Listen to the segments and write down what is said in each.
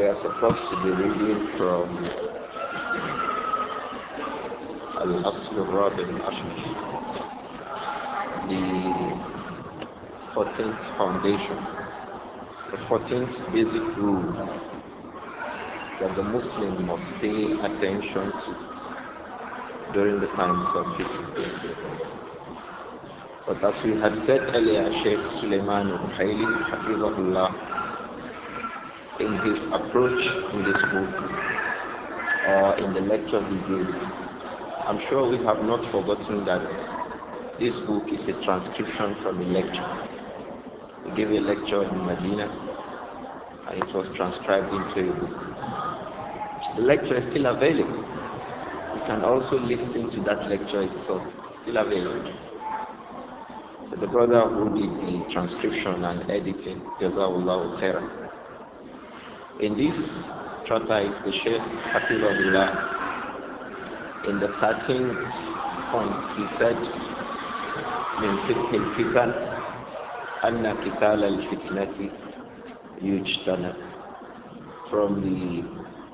we are supposed to be reading from Al-Asl al the 14th foundation, the 14th basic rule that the Muslim must pay attention to during the times of fitna. But as we had said earlier, Sheikh Suleiman al-Ruhaili, Hafizahullah, his approach in this book or uh, in the lecture he gave. I'm sure we have not forgotten that this book is a transcription from a lecture. He gave a lecture in Medina and it was transcribed into a book. The lecture is still available. You can also listen to that lecture itself, it's still available. So the brother who did the transcription and editing, Jazawullah Khairan in this is the Sheikh Hafizahullah, in the 13th point, he said, من فتح الفتن أن قتال الفتنة يجتنب from the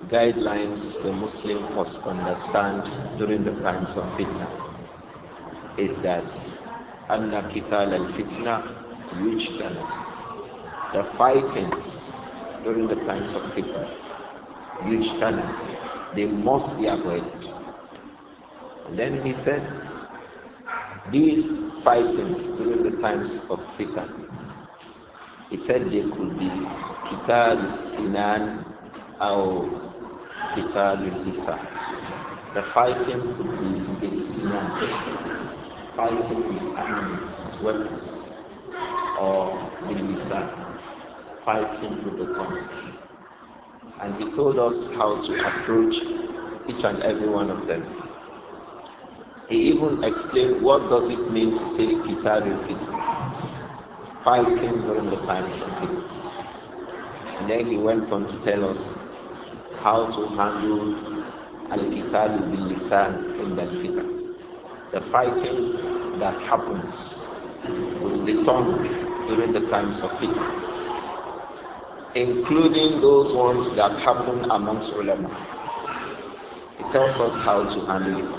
guidelines the Muslim must understand during the times of fitna is that أن قتال الفتنة يجتنب the fightings during the times of people. Yujtana. They must be avoided. And then he said, these fightings during the times of Peter. He said they could be kitab sinan or kitab lisa. The fighting could be a sinan, fighting with arms, weapons, or the lisa fighting with the tongue. And he told us how to approach each and every one of them. He even explained what does it mean to say kitabul fitr, fighting during the times of people. And then he went on to tell us how to handle al-kitabu in the fitr the fighting that happens with the tongue during the times of fitr including those ones that happen amongst ulama. It tells us how to handle it.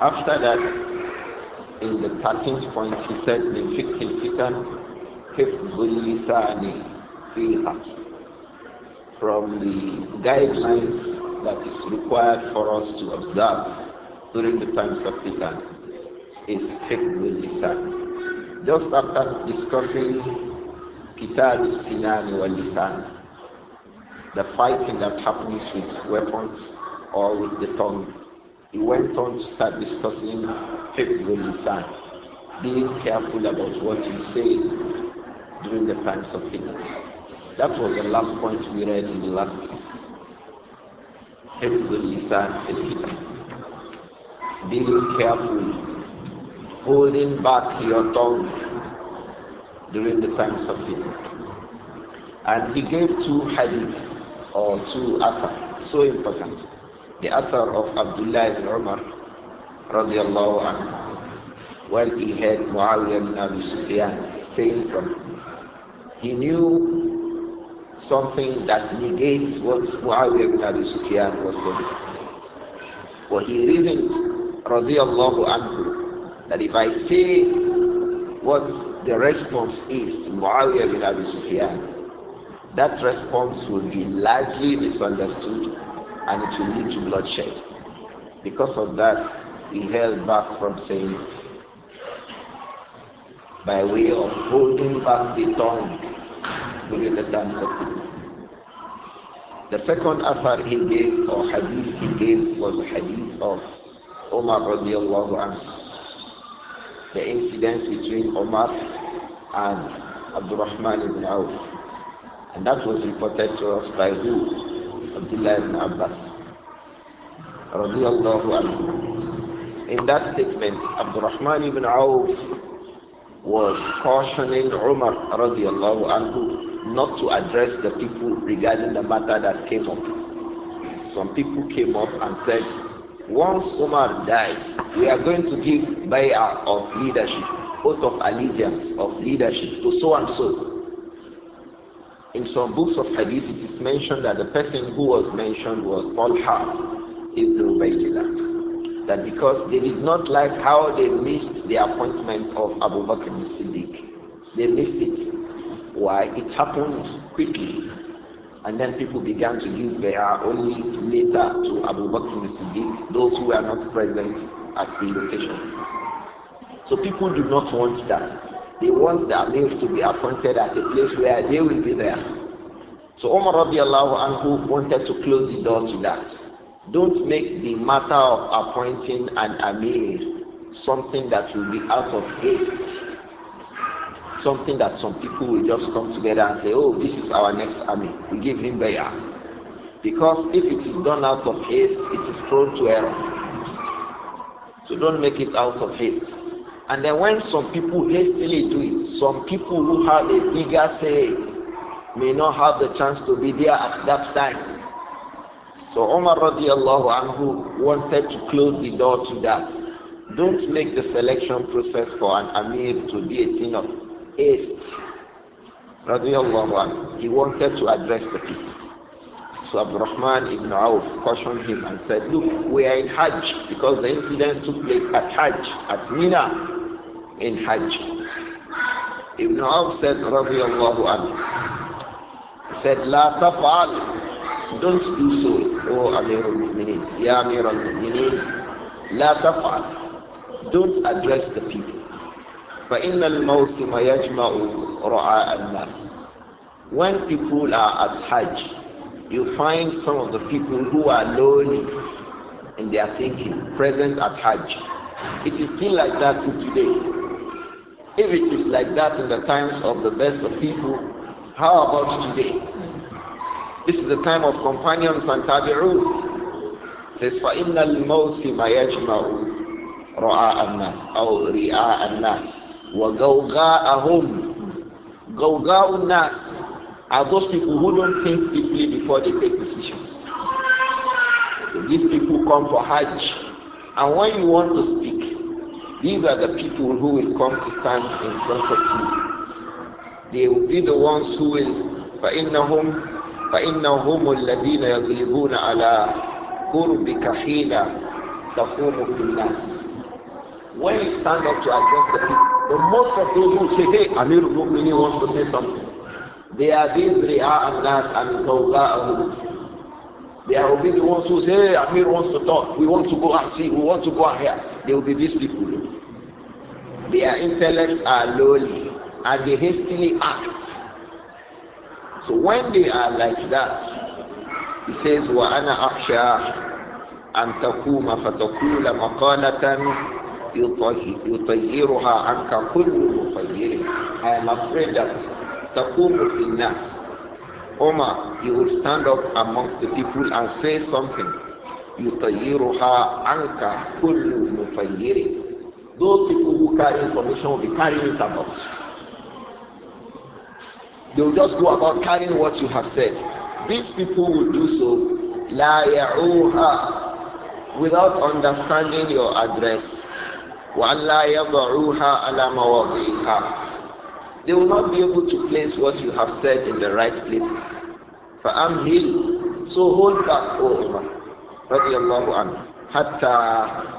After that, in the 13th point, he said, From the guidelines that is required for us to observe during the times of fitan is حِفْظُ Just after discussing Kitabu Sinani wal Lisan. The fighting that happens with weapons or with the tongue. He went on to start discussing Hifzul Lisan, being careful about what you say during the times of picnic. That was the last point we read in the last class. Hifzul Lisan, being careful, holding back your tongue during the times of him. And he gave two hadiths or two athar, so important. The athar of Abdullah ibn Umar radiallahu anhu, when he heard Muawiyah ibn Abi Sufyan saying something. He knew something that negates what Muawiyah ibn Abi Sufyan was saying. But well, he reasoned, radiallahu anhu, that if I say what the response is to Muawiyah bin Abi Sufyan, that response will be largely misunderstood and it will lead to bloodshed. Because of that, he held back from saying it by way of holding back the tongue during the times of people. The second athar he gave, or hadith he gave, was the hadith of Umar radiallahu anhu the incident between Omar and Abdurrahman ibn Auf. And that was reported to us by who? Abdullah ibn Abbas. In that statement, Abdurrahman ibn Auf was cautioning Umar radiallahu anhu not to address the people regarding the matter that came up. Some people came up and said, once Omar dies, we are going to give bay'ah of leadership, oath of allegiance of leadership to so and so. In some books of hadith, it is mentioned that the person who was mentioned was Talha ibn Ubaydillah. That because they did not like how they missed the appointment of Abu Bakr al Siddiq, they missed it. Why? It happened quickly. And then people began to give their only later to Abu Bakr al-Siddiq, those who were not present at the location. So people do not want that. They want their names to be appointed at a place where they will be there. So Umar anhu wanted to close the door to that. Don't make the matter of appointing an Amir something that will be out of haste something that some people will just come together and say, oh, this is our next army. We give him bayah. Because if it is done out of haste, it is prone to error. So don't make it out of haste. And then when some people hastily do it, some people who have a bigger say may not have the chance to be there at that time. So Umar radiallahu anhu wanted to close the door to that. Don't make the selection process for an Amir to be a thing of East. He wanted to address the people. So Abdurrahman ibn Auf cautioned him and said, Look, we are in Hajj because the incidents took place at Hajj, at Mina, in Hajj. Ibn Auf said, Radiallahu anhu, said, La taf'al, don't do so, O Amir al-Mu'minin, Ya Amir al La taf'al, don't address the people. فَإِنَّ الْمَوْسِمَ يَجْمَعُ رُعَاءَ النَّاسِ When people are at Hajj, you find some of the people who are lonely in their thinking present at Hajj. It is still like that today. If it is like that in the times of the best of people, how about today? This is the time of companions and tabi'un. says, فَإِنَّ الْمَوْسِمَ يَجْمَعُ رُعَاءَ النَّاسِ أو رِعَاءَ النَّاسِ وَغَوْغَاءَهُمْ غَوْغَاءُ nas are those people who don't think deeply before they take decisions. So these people come for Hajj. And when you want to speak, these are the people who will come to stand in front of you. They will be the ones who will فإنهم فإنهم الذين يغلبون على قربك حين تقوم في الناس when he stand up to address the people, the most of those who say, hey, Amir Mukmini wants to say something, they are these Ri'a amnas and Kawla. They are the ones who say, hey, Amir wants to talk, we want to go and see, we want to go and hear. They will be these people. Their intellects are lowly and they hastily act. So when they are like that, he says, "Wa ana أَن تَقُومَ فَتَقُولَ مَقَالَةً يطيرها عنك كل مطير I am afraid that تقوم في الناس Omar, he will stand up amongst the people and say something يطيرها عنك كل مطير Those people who carry information will be carrying it about. They will just go about carrying what you have said. These people will do so لا يعوها without understanding your address they will not be able to place what you have said in the right places. healed. So hold back, O Umar, الله عنه,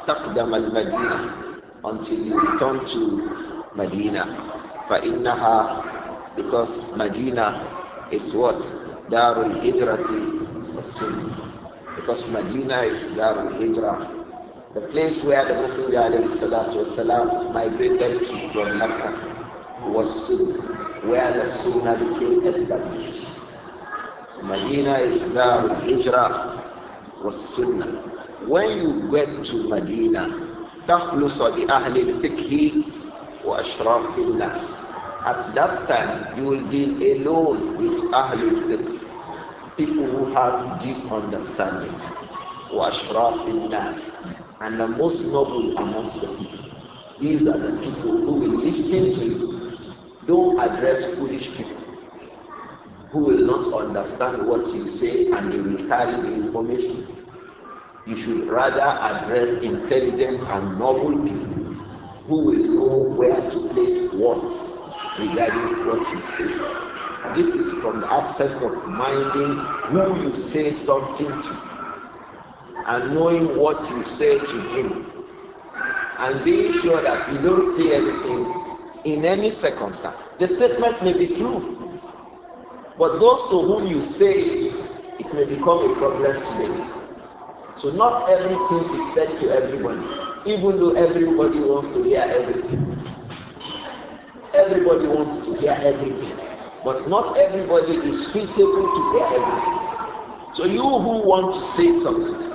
تقدم المدينة until you return to Medina. فَإِنَّهَا Because Medina is what? Darul Hijrati Because Medina is Darul Hijrah the place where the Messenger والسلام, migrated to from Mecca was Sunnah, where the Sunnah became established. So Medina is now Hijrah, was Sunnah. When you get to Medina, تخلص بأهل الفقه وأشراف الناس. At that time, you will be alone with Ahlul Fiqh, people who have deep understanding. وأشراف الناس and the most noble amongst the people. These are the people who will listen to you. Don't address foolish people who will not understand what you say and they will carry the information. You should rather address intelligent and noble people who will know where to place words regarding what you say. This is from the aspect of minding who you say something to and knowing what you say to him and being sure that you don't say anything in any circumstance. The statement may be true, but those to whom you say it, it may become a problem to them. So not everything is said to everybody, even though everybody wants to hear everything. Everybody wants to hear everything, but not everybody is suitable to hear everything. So you who want to say something,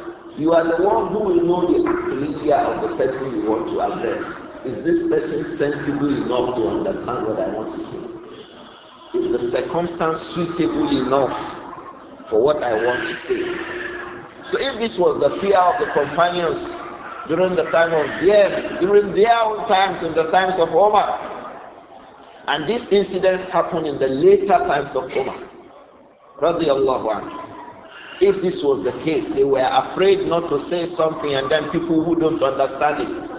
you are the one who will know the aqliya of the person you want to address. Is this person sensible enough to understand what I want to say? Is the circumstance suitable enough for what I want to say? So if this was the fear of the companions during the time of them, during their own times and the times of Omar, and these incidents happened in the later times of Umar. Radiallahu anhu. If this was the case, they were afraid not to say something and then people who don't understand it.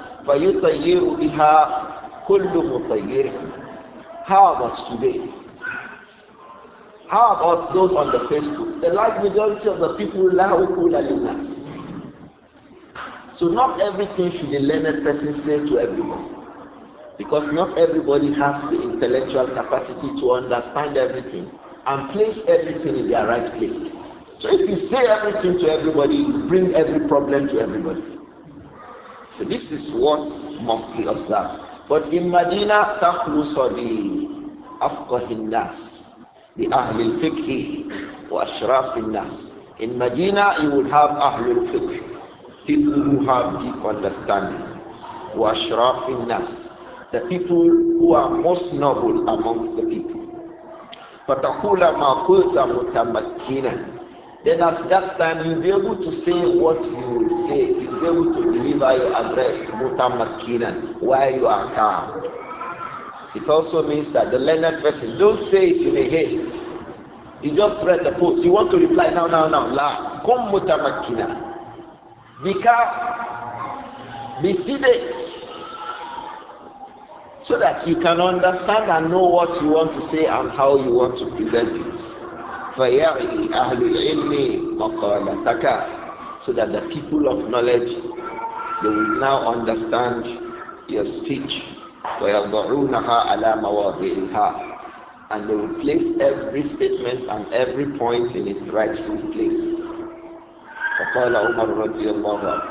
How about today? How about those on the Facebook? The large majority of the people لَهُكُلَ لِلنَّاسِ so not everything should a learned person say to everybody. Because not everybody has the intellectual capacity to understand everything and place everything in their right place. So if you say everything to everybody, you bring every problem to everybody. So this is what must be observed. But in Medina, تخلص بأفقه الناس بأهل الفقه وأشراف الناس. In Medina, you would have Ahlul الفقه, people who have deep understanding. وأشراف nas, the people who are most noble amongst the people. فتقول ما قلت متمكنا then at that time you'll be able to say what you say. You'll be able to deliver your address, Mutamakinan, why you are calm. It also means that the learned person, don't say it in a haste. You just read the post. You want to reply now, now, now. La, come mutamakinan. Be calm. Be seated. So that you can understand and know what you want to say and how you want to present it. فَيَعِي أَهْلُ الْعِلْمِ مَقَالَتَكَ So that the people of knowledge, they will now understand your speech. وَيَضَعُونَهَا عَلَى مَوَاضِعِهَا And they will place every statement and every point in its rightful place. فقال عمر رضي الله عنه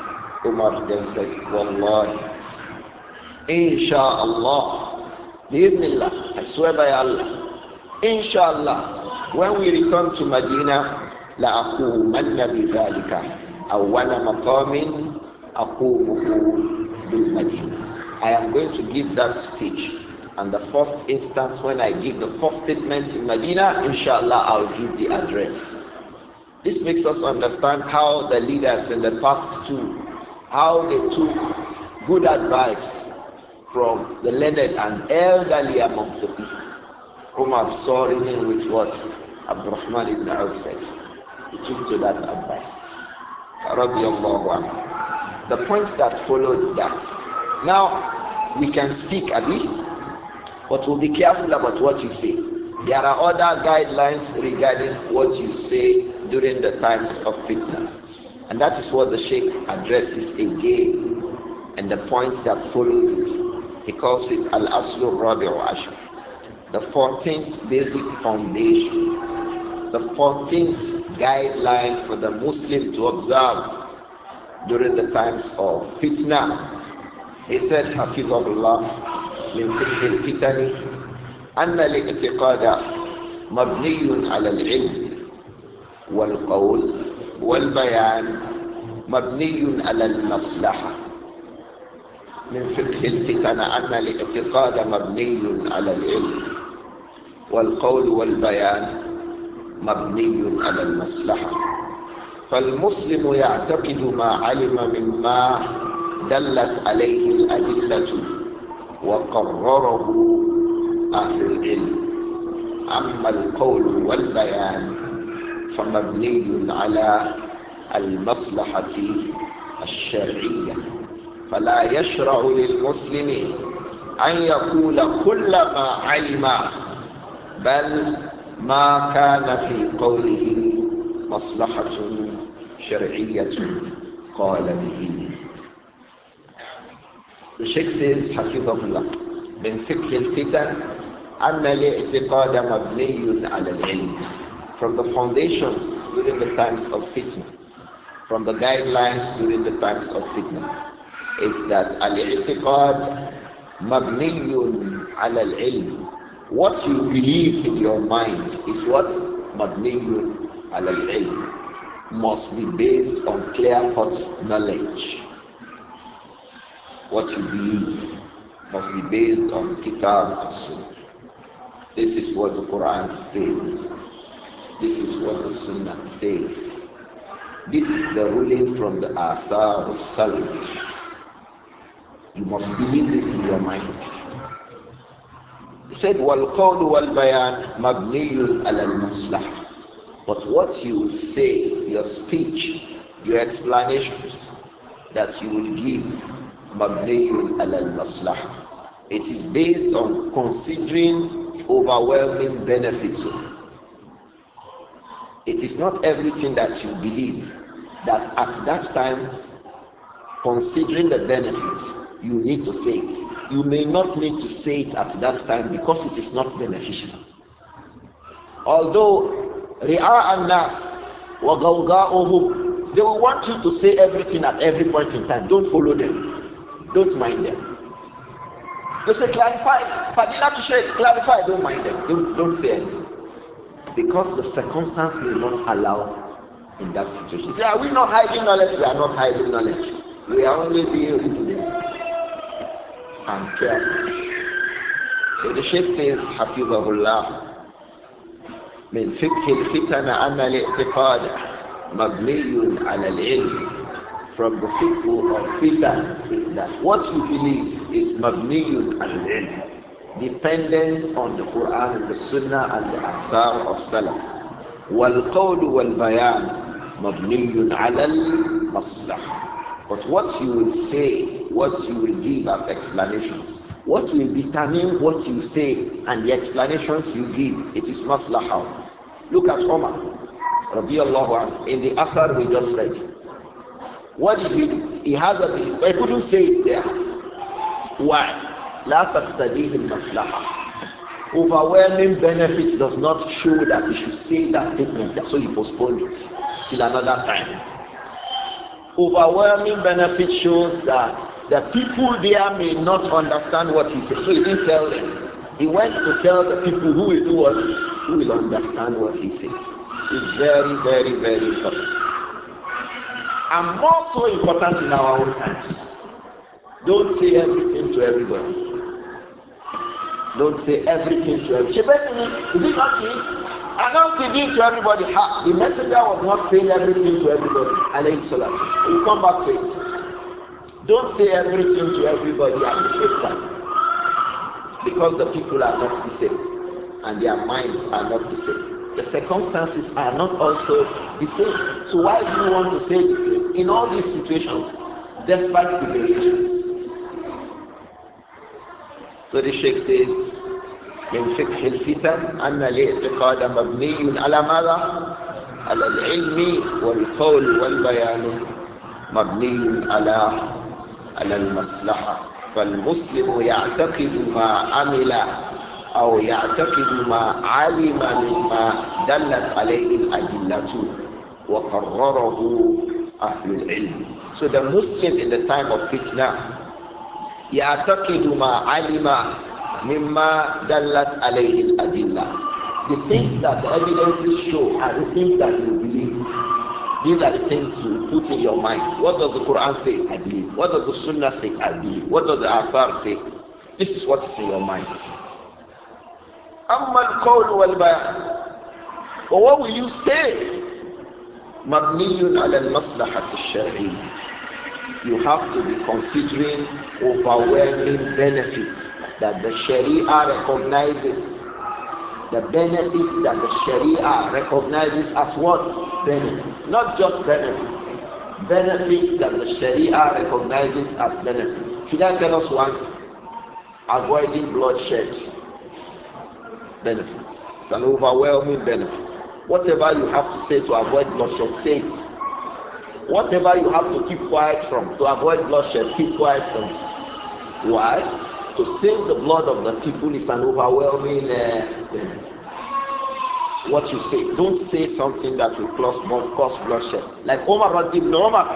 عمر then said والله إن شاء الله بإذن الله I swear by Allah إن شاء الله when we return to Medina, لأقومن بذلك أول مقام أقومه بالمدينة. I am going to give that speech. And the first instance when I give the first statement in Medina, inshallah, I'll give the address. This makes us understand how the leaders in the past two, how they took good advice from the learned and elderly amongst the people. Umar saw reason with what Abdurrahman ibn Auf said. He took to that advice. The point that followed that. Now, we can speak, Abi, but we'll be careful about what you say. There are other guidelines regarding what you say during the times of fitna. And that is what the Sheikh addresses again and the points that follows it. He calls it Al Aslu Rabi'u Ashur. the 14th basic foundation, the 14th guideline for the Muslim to observe during the times of fitna. He said, Hafidhullah, min fiqh al-fitani, anna li'tiqada mabniyun ala al-ilm wal-qawl wal-bayan mabniyun ala al-maslaha. من فقه الفتن أن الاعتقاد مبني على العلم والقول والبيان مبني على المصلحة فالمسلم يعتقد ما علم مما دلت عليه الأدلة وقرره أهل العلم أما القول والبيان فمبني على المصلحة الشرعية فلا يشرع للمسلم أن يقول كل ما علم بل ما كان في قوله مصلحة شرعية قال به الشيخ says حفظه الله من فقه الفتن أن الاعتقاد مبني على العلم from the foundations during the times of fitna from the guidelines during the times of fitna is that الاعتقاد مبني على العلم What you believe in your mind is what Madniyu al must be based on clear cut knowledge. What you believe must be based on Kitab and This is what the Quran says. This is what the Sunnah says. This is the ruling from the Athar of Salih. You must believe this in your mind. He said, وَالْقَوْلُ وَالْبَيَانُ مَبْنِيٌّ al الْمَصْلَحَةِ But what you say, your speech, your explanations that you will give, مَبْنِيٌّ al-maslaha. الْمَصْلَحَةِ It is based on considering overwhelming benefits. It is not everything that you believe that at that time, considering the benefits, you need to say it you may not need to say it at that time because it is not beneficial. Although Ri'a and Nas They will want you to say everything at every point in time. Don't follow them. Don't mind them. You say clarify. to share clarify. Don't mind them. Don't, don't say anything. Because the circumstance will not allow in that situation. You say, are we not hiding knowledge? We are not hiding knowledge. We are only being reasonable. Um, and care. So the Sheikh says, Hafizahullah, من فقه الفتن أن الاعتقاد مبني على العلم from the fiqh of fitan is that what you believe is مبنيٌ على العلم, dependent on the Quran, the Sunnah, and the Athar of Salaf. والقول والبيان مبني على المصلحة but what you will say, what you will give as explanations, what will determine what you say and the explanations you give, it is maslahah. Look at Omar, radiallahu anh, in the Athar we just read. What did he do? He has a belief, but he couldn't say it there. Why? لا تقتضيه المصلحة overwhelming benefit does not show that he should say that statement. So he postponed it till another time overwhelming benefit shows that the people there may not understand what he said. So he didn't tell them. He went to tell the people who will do what, who will understand what he says. It's very, very, very important. And more so important in our own times. Don't say everything to everybody. Don't say everything to everybody. Is it not Announce the deen to everybody. Ha. The messenger was not saying everything to everybody. Alayhi that We'll come back to it. Don't say everything to everybody at the same time. Because the people are not the same. And their minds are not the same. The circumstances are not also the same. So why do you want to say the same? In all these situations, despite the variations, So the Sheikh says, من فقه الفتن أن الاعتقاد مبني على ماذا؟ على العلم والقول والبيان مبني على على المصلحة فالمسلم يعتقد ما عمل أو يعتقد ما علم مما دلت عليه الأدلة وقرره أهل العلم. So the Muslim in the time of fitna يعتقد ما علم مما دلت عليه الأدلة the things that the evidences show are the things that you believe. These are the things you put in your mind. What does the Quran say? I believe. What does the Sunnah say? I believe. What does the Athar say? This is what is in your mind. أما القول والبيان But what will you say؟ مبني على المصلحة الشرعية you have to be considering overwhelming benefits that the Sharia recognizes. The benefits that the Sharia recognizes as what? Benefits. Not just benefits. Benefits that the Sharia recognizes as benefits. Should I tell us one? Avoiding bloodshed. Benefits. It's an overwhelming benefit. Whatever you have to say to avoid bloodshed, say it Whatever you have to keep quiet from, to avoid bloodshed, keep quiet from it. Why? To save the blood of the people is an overwhelming uh, benefit. What you say, don't say something that will cause, cause bloodshed. Like Omar ibn Omar,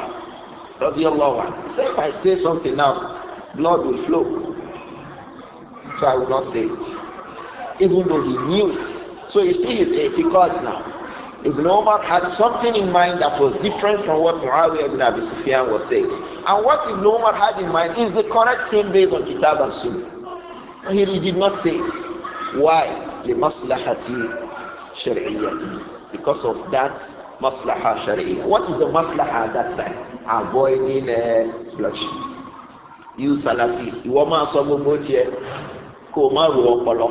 radiallahu anhu, say if I say something now, blood will flow. So I will not say it. Even though he knew it. So you see his etiquette now. Ibn Omar had something in mind that was different from what Muawiyah ibn Abi Sufyan was saying. And what Ibn Omar had in mind is the correct thing based on Kitab and Sunnah. He, he did not say it. Why? لمصلحة شرعية Because of that maslaha sharia. What is the maslaha at that time? Avoiding uh, bloodshed. You Salafi, ìwọ máa sọ gbogbo tiẹ̀ kó o má ro ọpọlọ.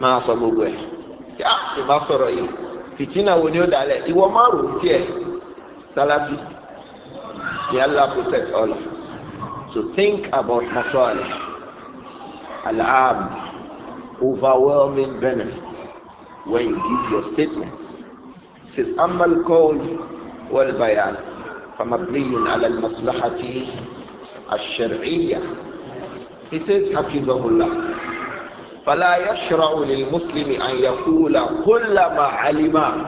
Máa sọ gbogbo ẹ̀ kí á ti má yìí fìtínà wo ni ó dalẹ̀ ìwọ má rò ní tiẹ̀ allah protect all of us to think about masọ́ọ̀lì alam overwhelming benefits when you give your statements says amal kọ́ọ̀l wal bayan فمبني على المصلحة الشرعية he says حفظه الله فلا يشرع للمسلم أن يقول كل ما علم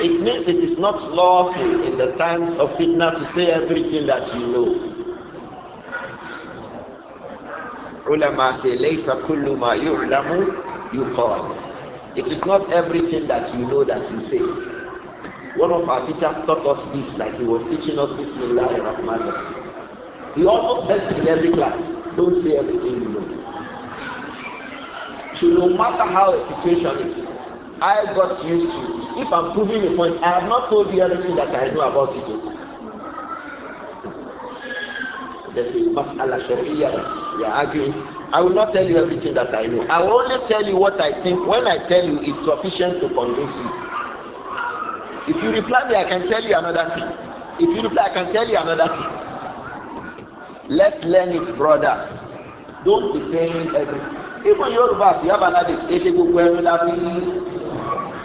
it means it is not lawful in the times of fitna to say everything that you know ulama say laysa kullu ma yu'lamu yuqal it is not everything that you know that you say one of our teachers taught us this like he was teaching us this in Bismillah ar-Rahman he almost said in every class don't say everything you know to no matter how the situation is. I got used to it. If I'm proving a point, I have not told you everything that I know about it. There's a mas'ala sharia that you are arguing. I will not tell you everything that I know. I will only tell you what I think. When I tell you, it's sufficient to convince you. If you reply me, I can tell you another thing. If you reply, I can tell you another thing. Let's learn it, brothers. Don't be saying everything. ibo yorùbá àti yabanade kì í ṣe gbogbo ẹni la fi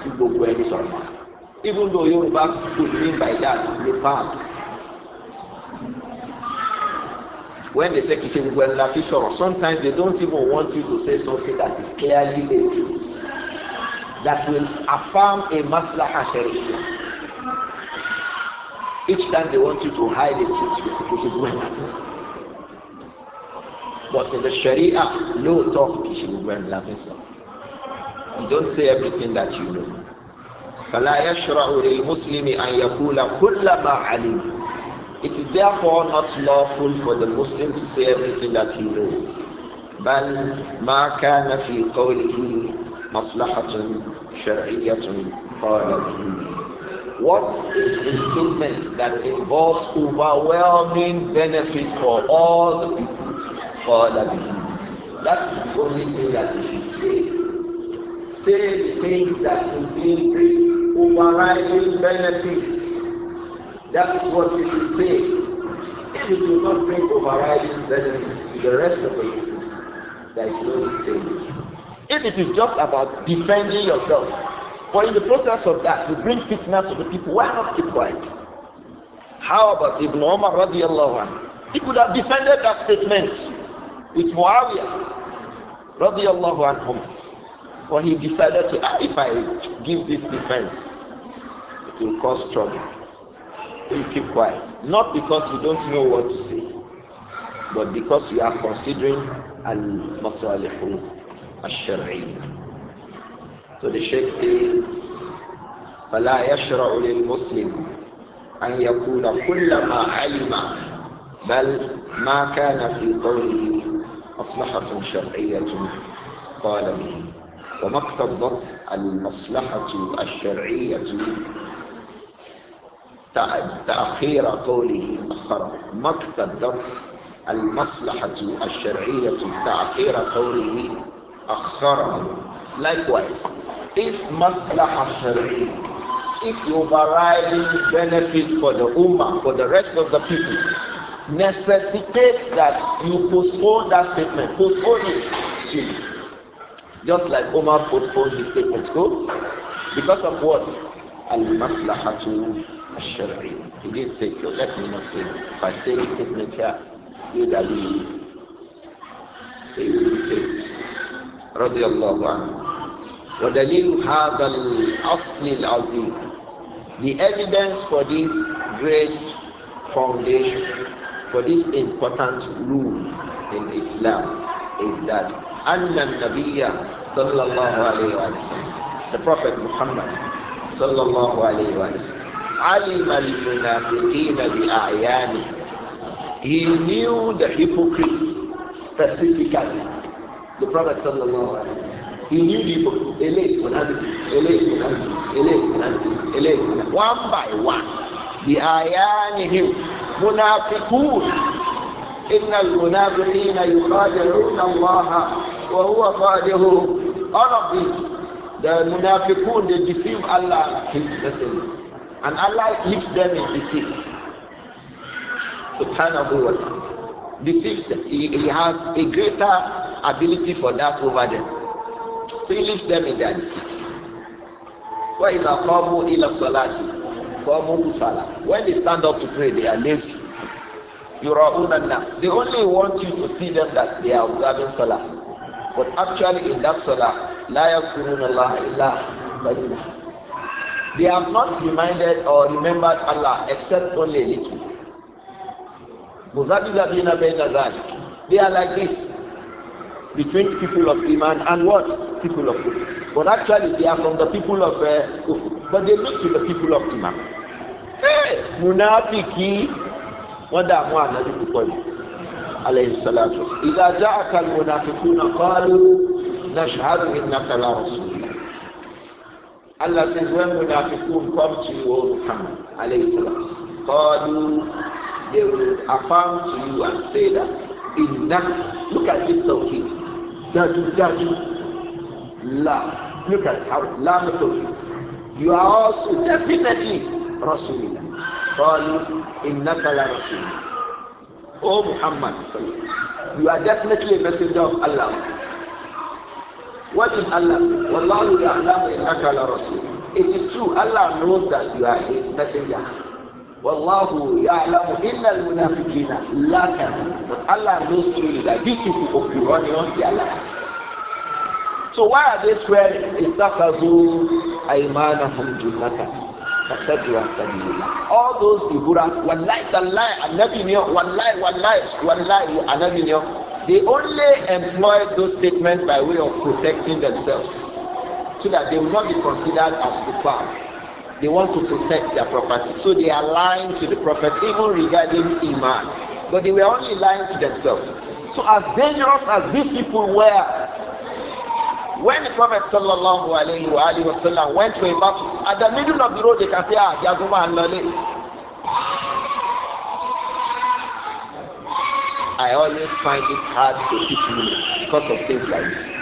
fi gbogbo ẹni sọ̀rọ̀ even though yorùbá school mean by that dey bad when they say kì í ṣe gbogbo ẹni la fi sọ̀rọ̀ sometimes they don't even want you to say something that is clearly the truth that will affirm a maslaha sharia each time they want you to hide the truth you say kì í ṣe gbogbo ẹni la fi sọ̀rọ̀. But in the Sharia, no talk when laughing song. You don't say everything that you know. فلا يشرع للمسلم أن يقول كل ما علم. It is therefore not lawful for the Muslim to say everything that he knows. بل ما كان في قوله مصلحة شرعية قال به what is the statement that involves overwhelming benefit for all the people That's the only thing that you should say. Say the things that will bring overriding benefits. That's what you should say. If it will not bring overriding benefits to the rest of the issues, there is no need say this. If it is just about defending yourself, but in the process of that, you bring fitna to the people, why not keep quiet? How about Ibn Omar radiallahu anh? He could have defended that statement. with رضي radiallahu anhum when he decided to ah, if I give this defense it will cause trouble so you keep quiet not because you don't know what to say but because you are considering al masalihu al-shar'iyyah so the sheikh says فلا يشرع للمسلم أن يكون كل ما علم بل ما كان في قوله مصلحة شرعية قال به وما اقتضت المصلحة الشرعية تأخير قوله أخره ما اقتضت المصلحة الشرعية تأخير قوله أخره likewise if مصلحة شرعية if you provide benefit for the ummah, for the rest of the people, necessitates that you postpone that statement. Postpone it, please. Just like Omar postponed his statement. Go. Because of what? Al-Maslahatu Ash-Shari'i. He didn't say it, so let me not say it. If I say this statement here, you will be they will be saved. رضي الله عنه. ودليل هذا الأصل العظيم. The evidence for this great foundation for this important rule in Islam is that anna nabiyya sallallahu alayhi wa the prophet Muhammad sallallahu alayhi wa sallam alim al-munafiqeen bi'ayani he knew the hypocrites specifically the prophet sallallahu alayhi wa he knew the hypocrites elay one by one him. منافقون إن المنافقين يخادعون الله وهو خادعهم all of these the منافقون they deceive Allah his messenger and Allah leaves them in deceit subhanahu wa ta'ala deceives them he, he has a greater ability for that over them so he leaves them in their deceit وإذا قاموا إلى الصلاة When they stand up to pray, they are lazy. Yura'una nas. They only want you to see them that they are observing salah. But actually in that salah, la yakuruna Allah illa qalila. They have not reminded or remembered Allah except only little. They are like this. between people of Iman and what? People of Kufr. But actually, they are from the people of uh, Kufr. But they mix with the people of Iman. Hey! Munafiki, wọ́n dààmú ànábì púpọ̀ yìí alayhi salatu ìdá já àkàlù munafikuna qalu nashhadu innaka la rasulullah Allah says when munafikun come to you O Muhammad alayhi salatu qalu they will affirm to you and say that innaka look at this tawkid Dájúdájú. La. Look at how. La metobi. You are also definitely Rasulullah. Qalu innaka la Rasulullah. O Muhammad you are definitely a messenger of Allah. What did Allah say? Wallahu ya'lamu innaka la Rasul. It is true. Allah knows that you are his messenger. Wallahu ya'lamu innal munafiqina lakad. But Allah knows truly that these people of Iran on their lies. So why are they swearing? Itakazu aymanahum junnatan. All those Ibura, wallahi, wallahi, anabinyo, wallahi, wallahi, wallahi, anabinyo, they only employ those statements by way of protecting themselves so that they will not be considered as kuffar. They want to protect their property. So they are lying to the Prophet even regarding Iman. But they were only lying to themselves. So as dangerous as these people were, when the Prophet sallallahu alaihi wasallam went to a battle, at the middle of the road they can say, ah, Jaguma and Lale. I always find it hard to teach women because of things like this.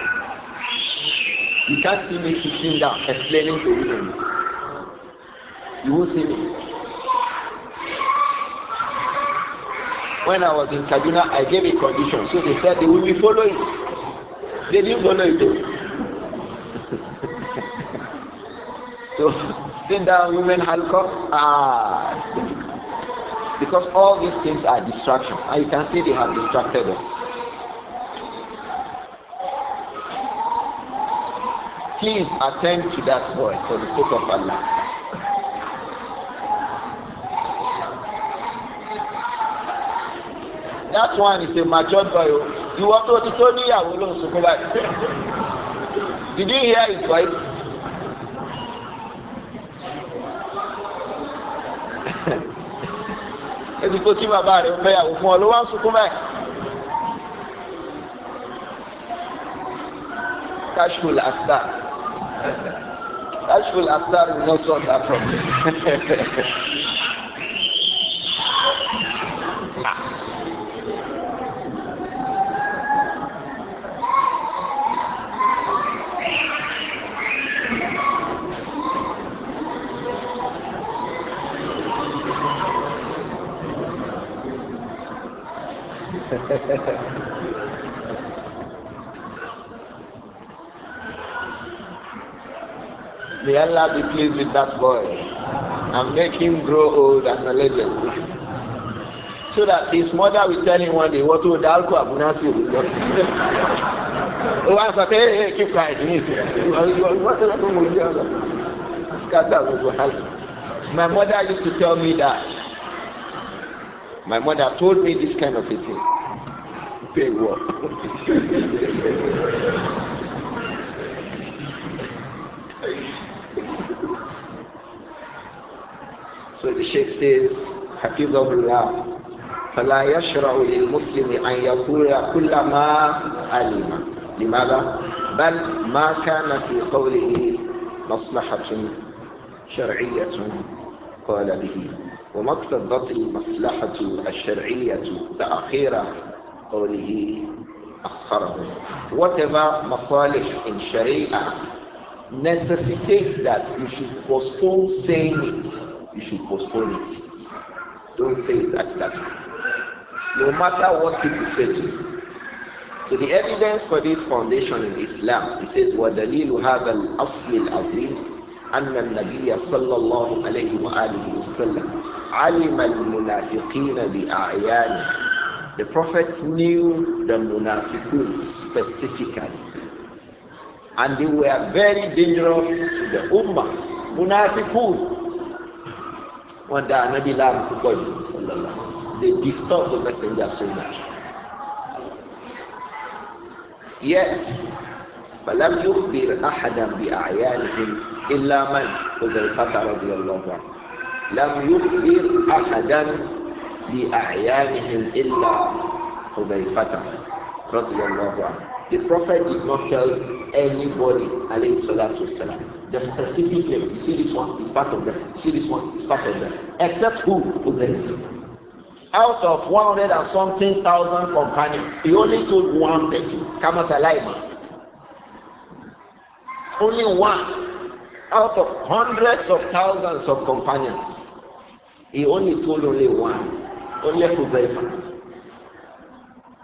You can't see me sitting down explaining to women you will see me. When I was in Kaduna, I gave a condition. So they said they will be follow it. They didn't follow it. so sit down, women, handcuff. Ah. Because all these things are distractions. And you can see they have distracted us. please attend to that boy for the sake of Allah. that one is a matured boy o oh. ìwọ tó ti tó níyàwó ló ń sunkún báyìí did you hear his voice. ebi kó kí bàbá rẹ fẹ́yàwó fún ọ ló wá ń sunkún báyìí. cashful astar cashful astar we not solve that problem. May Allah be pleased with that boy and make him grow old and knowledgeable. So that his mother will tell him one day, What would Alco Abunasi do? Oh, I said, Hey, hey, keep quiet. My mother used to tell me that. My mother told me this kind of a thing. they so the Sheikh says, حفظه الله فلا يشرع للمسلم أن يقول كل ما علم لماذا؟ بل ما كان في قوله مصلحة شرعية قال به وما اقتضت المصلحة الشرعية تأخير قوله أخره. Whatever مصالح in Sharia necessitates that you should postpone saying it. You should postpone it. Don't say it at that time. No matter what people say to you. So the evidence for this foundation in Islam, it says, وَدَلِيلُ هَذَا الْأَصْلِ الْعَظِيمِ أن النبي صلى الله عليه وآله وسلم علم المنافقين بِأَعْيَانِهِ The prophets knew the Munafiqun specifically. And they were very dangerous to the Ummah. Munafiqun. One day, Nabi Lam They disturbed the messenger so much. Yet, فلم يخبر أحدا بأعيانهم إلا من حذيفة رضي الله عنه لم يخبر أحدا بِأَعْيَانِهِمْ إِلَّا حُذَيْفَةً رضي الله عنه the Prophet did not tell anybody, alayhi salatu wasalam, the specific name. You see this one is part of them. You see this one is part of them. Except who? Uzayr. Out of 100 and something thousand companions, he only told one person, Kama Salaima. Only one out of hundreds of thousands of companions. He only told only one. Only Hudayfa.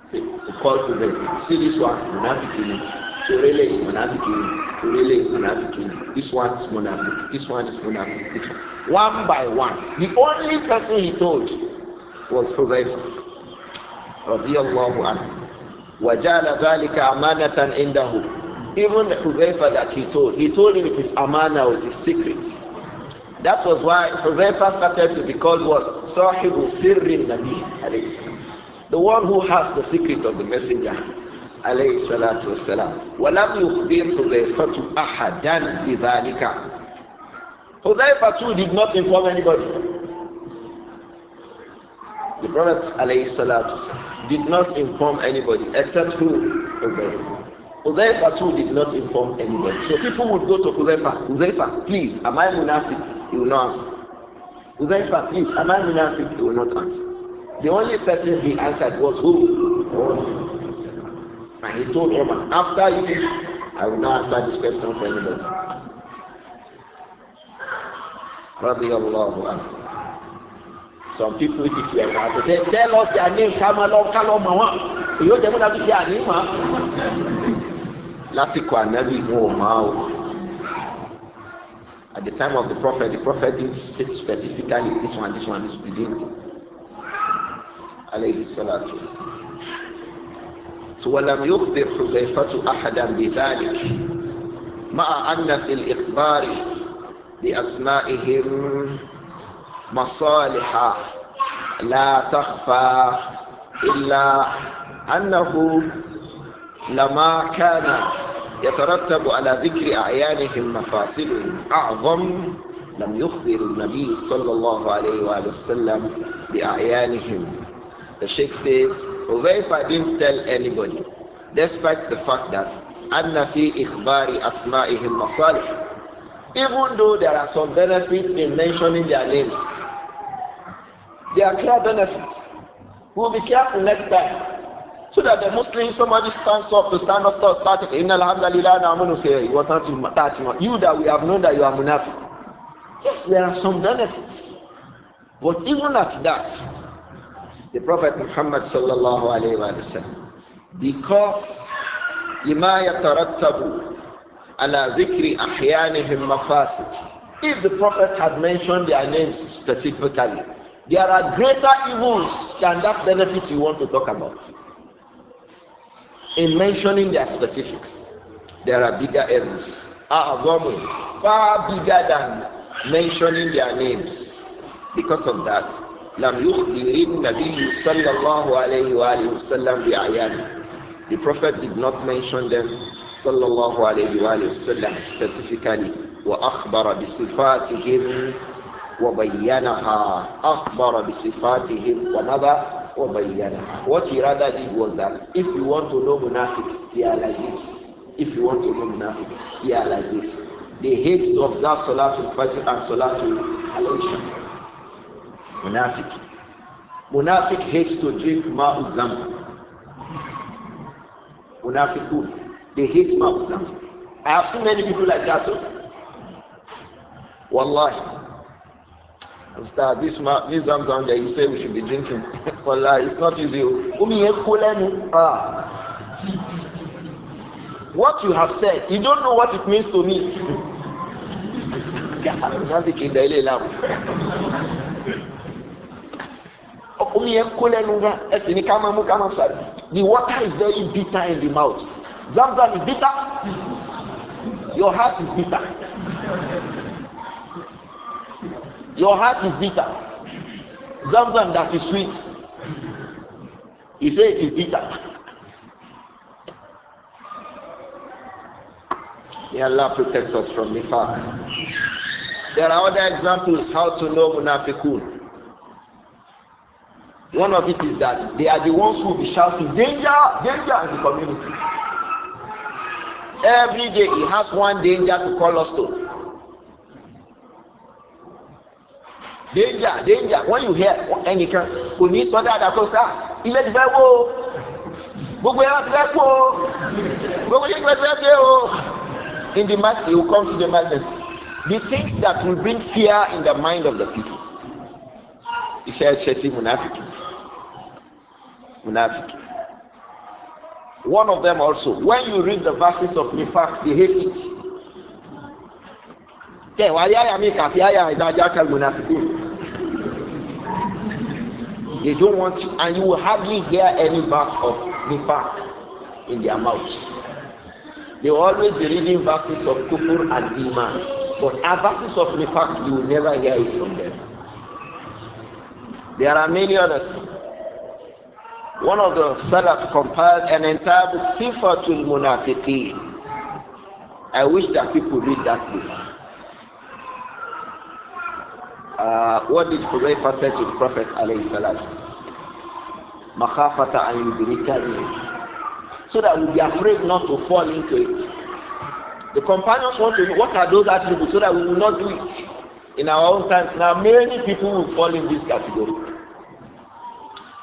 See, call call Hudayfa. See this one, Munafikini. Shorele, Munafikini. Shorele, Munafikini. This one is Munafik. This one is Munafik. This one. One by one. The only person he told was Hudayfa. رضي الله عنه وجعل ذلك أمانة عنده even Huzaifa that he told, he told him it is amana or it is secret. That was why Huzaifa started to be called what? Sahibu Sirrin Nabi The one who has the secret of the messenger. عليه الصلاة والسلام ولم يخبر حذيفة أحدا بذلك Hudayfa too did not inform anybody. The Prophet والسلام, did not inform anybody except who? Hudayfa. Hudayfa too did not inform anybody. So people would go to Hudayfa, Hudayfa, please, am I Munafiq? he will not answer. Uzaifa, please, am I Munafik? He will not answer. The only person he answered was who? And he told Omar, after you, I will not answer this question for anybody. Radiallahu anhu. Some people, if it were they say, tell us their name, come along, come on, mama. You don't have to hear your name, huh? lásìkò ànábì wọn ò máa At the time of the Prophet, the Prophet didn't say specifically this one, this one, this one. He didn't. ولم يخبر حذيفة أحدا بذلك مع أن في الإخبار بأسمائهم مصالح لا تخفى إلا أنه لما كان يترتب على ذكر أعيانهم مفاصل أعظم لم يخبر النبي صلى الله عليه وآله وسلم بأعيانهم The Sheikh says, Huzaifa didn't tell anybody, despite the fact that أن في إخبار أسمائهم مصالح Even though there are some benefits in mentioning their names, there are clear benefits. We'll be careful next time. so that the Muslim, somebody stands up to stand up, start, start Inna alhamdulillah, na'amunu What not to that you, that we have known that you are munafiq. Yes, there are some benefits. But even at that, the Prophet Muhammad sallallahu alayhi wa sallam, because لما يترتب ala ذكر أحيانهم mafasid. if the prophet had mentioned their names specifically there are greater evils than that benefit you want to talk about in mentioning their specifics, there are bigger errors. A'adhamu, far bigger than mentioning their names. Because of that, لم يخبر النبي صلى الله عليه wasallam bi بأعيانه. The Prophet did not mention them صلى الله عليه وآله وسلم specifically. وأخبر بصفاتهم bi أخبر wa وماذا What he rather did was that if you want to know Munafik, they are like this. If you want to know Munafik, they are like this. They hate to observe Salatul Fajr and Salatul to isha Munafik Munafiq hates to drink Ma'u Zamzam. They hate Ma'u Zamzam. I have seen many people like that too. Wallahi. Ustaz, this ma this Zamzam that you say we should be drinking, Wallah, it's not easy. Ah. What you have said, you don't know what it means to me. the water is very bitter in the mouth. Zamzam is bitter. Your heart is bitter your heart is bitter zamzam that is sweet he say it is bitter may allah protect us from nifaq there are other examples how to know munafikun. one of it is that they are the ones who be shouting danger danger in the community every day he has one danger to call us to danger danger when you hear oh, ẹnìkan kò ní sọ dáadáa kó ká ilé ti fẹ́ wó o gbogbo yẹn wá ti fẹ́ kó o gbogbo yẹn ti fẹ́ fẹ́ ṣe o in the masses you come to the masses the things that will bring fear in the mind of the people iṣẹ́ ṣe sí munafiki munafiki one of them also when you read the verses of nifaq they hate it tẹ̀ wá rí àyà mi kàfi àyà ìdájà kẹlùmọ́nà they don't want to, and you will hardly hear any verse of Nifa in their mouth. They always be reading verses of Kufur and Iman, but verses of Nifa you will never hear it from them. There are many others. One of the Salaf compiled an entire book, Sifatul Munafiqin. I wish that people read that book. uh, what did Hudayfa say to the Prophet alayhi salatu? So that we'll be afraid not to fall into it. The companions want to know what are those attributes so that we will not do it in our own times now many people will fall in this category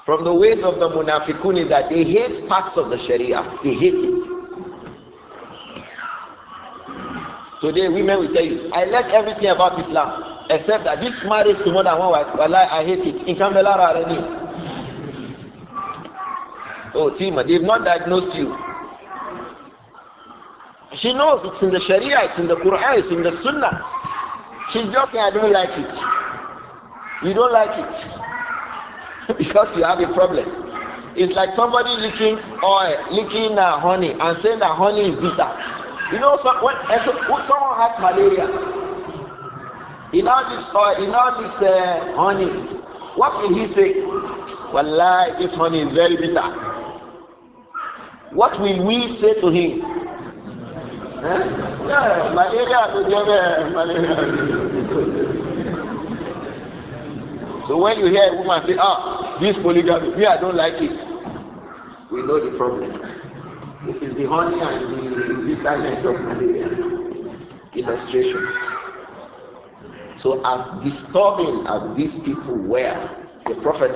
from the ways of the munafiqun that they hate parts of the sharia they hate it today women will tell you i like everything about islam except that this marriage to more than one wife wallahi i hate it nǹkan bẹ lára rẹ ni oh Tima, they not diagnosed you she knows it's in the sharia it's in the quran it's in the sunnah she's just saying i don't like it you don't like it because you have a problem it's like somebody licking oil licking uh, honey and saying that honey is bitter you know so when, eh, someone has malaria He now needs oil, he now needs uh, honey. What will he say? Well, this honey is very bitter. What will we say to him? Malaria, So when you hear a woman say, ah, this polygamy, me, I don't like it. We know the problem. It is the honey and the bitterness of malaria. Illustration. So as disturbing as these people were, the Prophet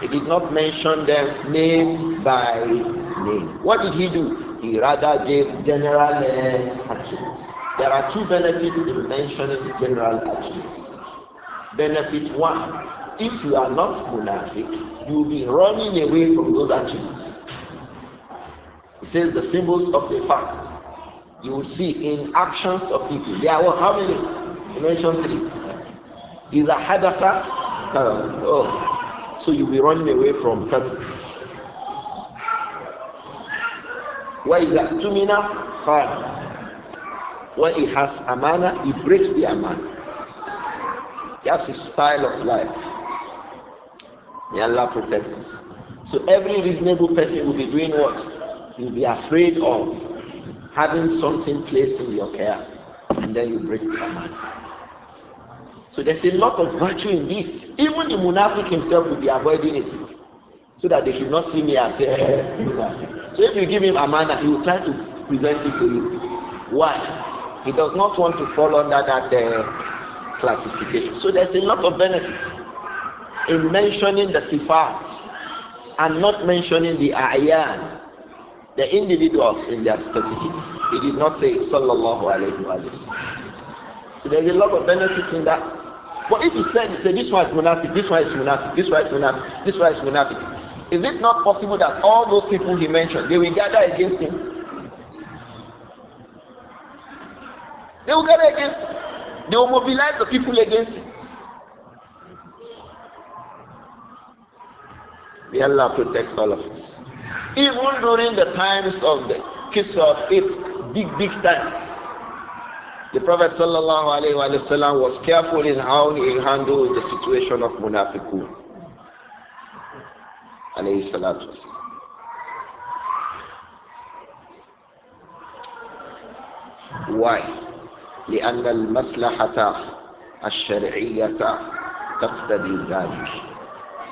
he did not mention them name by name. What did he do? He rather gave general attributes. There are two benefits in mentioning general attributes. Benefit one, if you are not munafiq, you will be running away from those attributes. He says the symbols of the fact you will see in actions of people. There were how many? You mentioned three. Is a hadatha. Uh, oh. So you'll be running away from Why that? Two mina خَانَ When he has amana, he breaks the amana. That's his style of life. May Allah protect us. So every reasonable person will be doing what? He'll be afraid of having something placed in your care, and then you break command. So there's a lot of virtue in this. Even the munafiq himself will be avoiding it, so that they should not see me as a. so if you give him amana, he will try to present it to you. Why? He does not want to fall under that uh, classification. So there's a lot of benefits in mentioning the sifat and not mentioning the ayan the individuals in their specifics. He did not say sallallahu alayhi wa sallam. So there's a lot of benefits in that. But if he said, he said this one is munafiq, this one is munafiq, this one is munafiq, this one is munafiq, is it not possible that all those people he mentioned, they will gather against him? They will gather against him. They will mobilize the people against him. May Allah protect all of us. Even during the times of the kiss of if big, big times. The Prophet wasallam was careful in how he handled the situation of Munafiqun. Why? لأن المصلحة الشرعية تقتضي ذلك.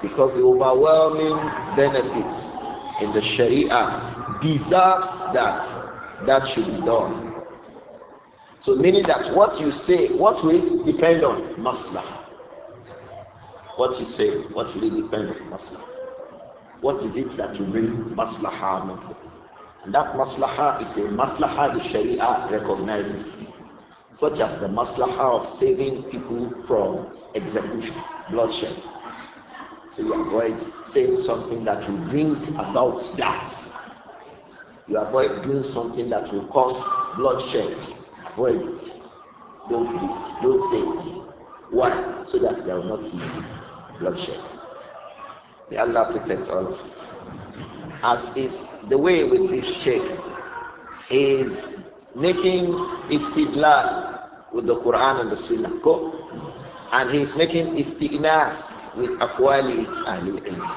Because the overwhelming benefits in the Sharia deserves that. That should be done. So meaning that what you say, what will it depend on? Maslah. What you say, what will it depend on? Maslah. What is it that will bring maslaha means? And that maslaha is a maslaha the Sharia recognizes, such as the maslaha of saving people from execution, bloodshed. So you avoid saying something that will bring about that. You avoid doing something that will cause bloodshed. Avoid it. Don't do it. Don't say it. Why? So that there will not be bloodshed. May Allah protect all of us. As is the way with this sheikh, is making istidlal with the Quran and the Sunnah. And he's making istinas with aqwali ahli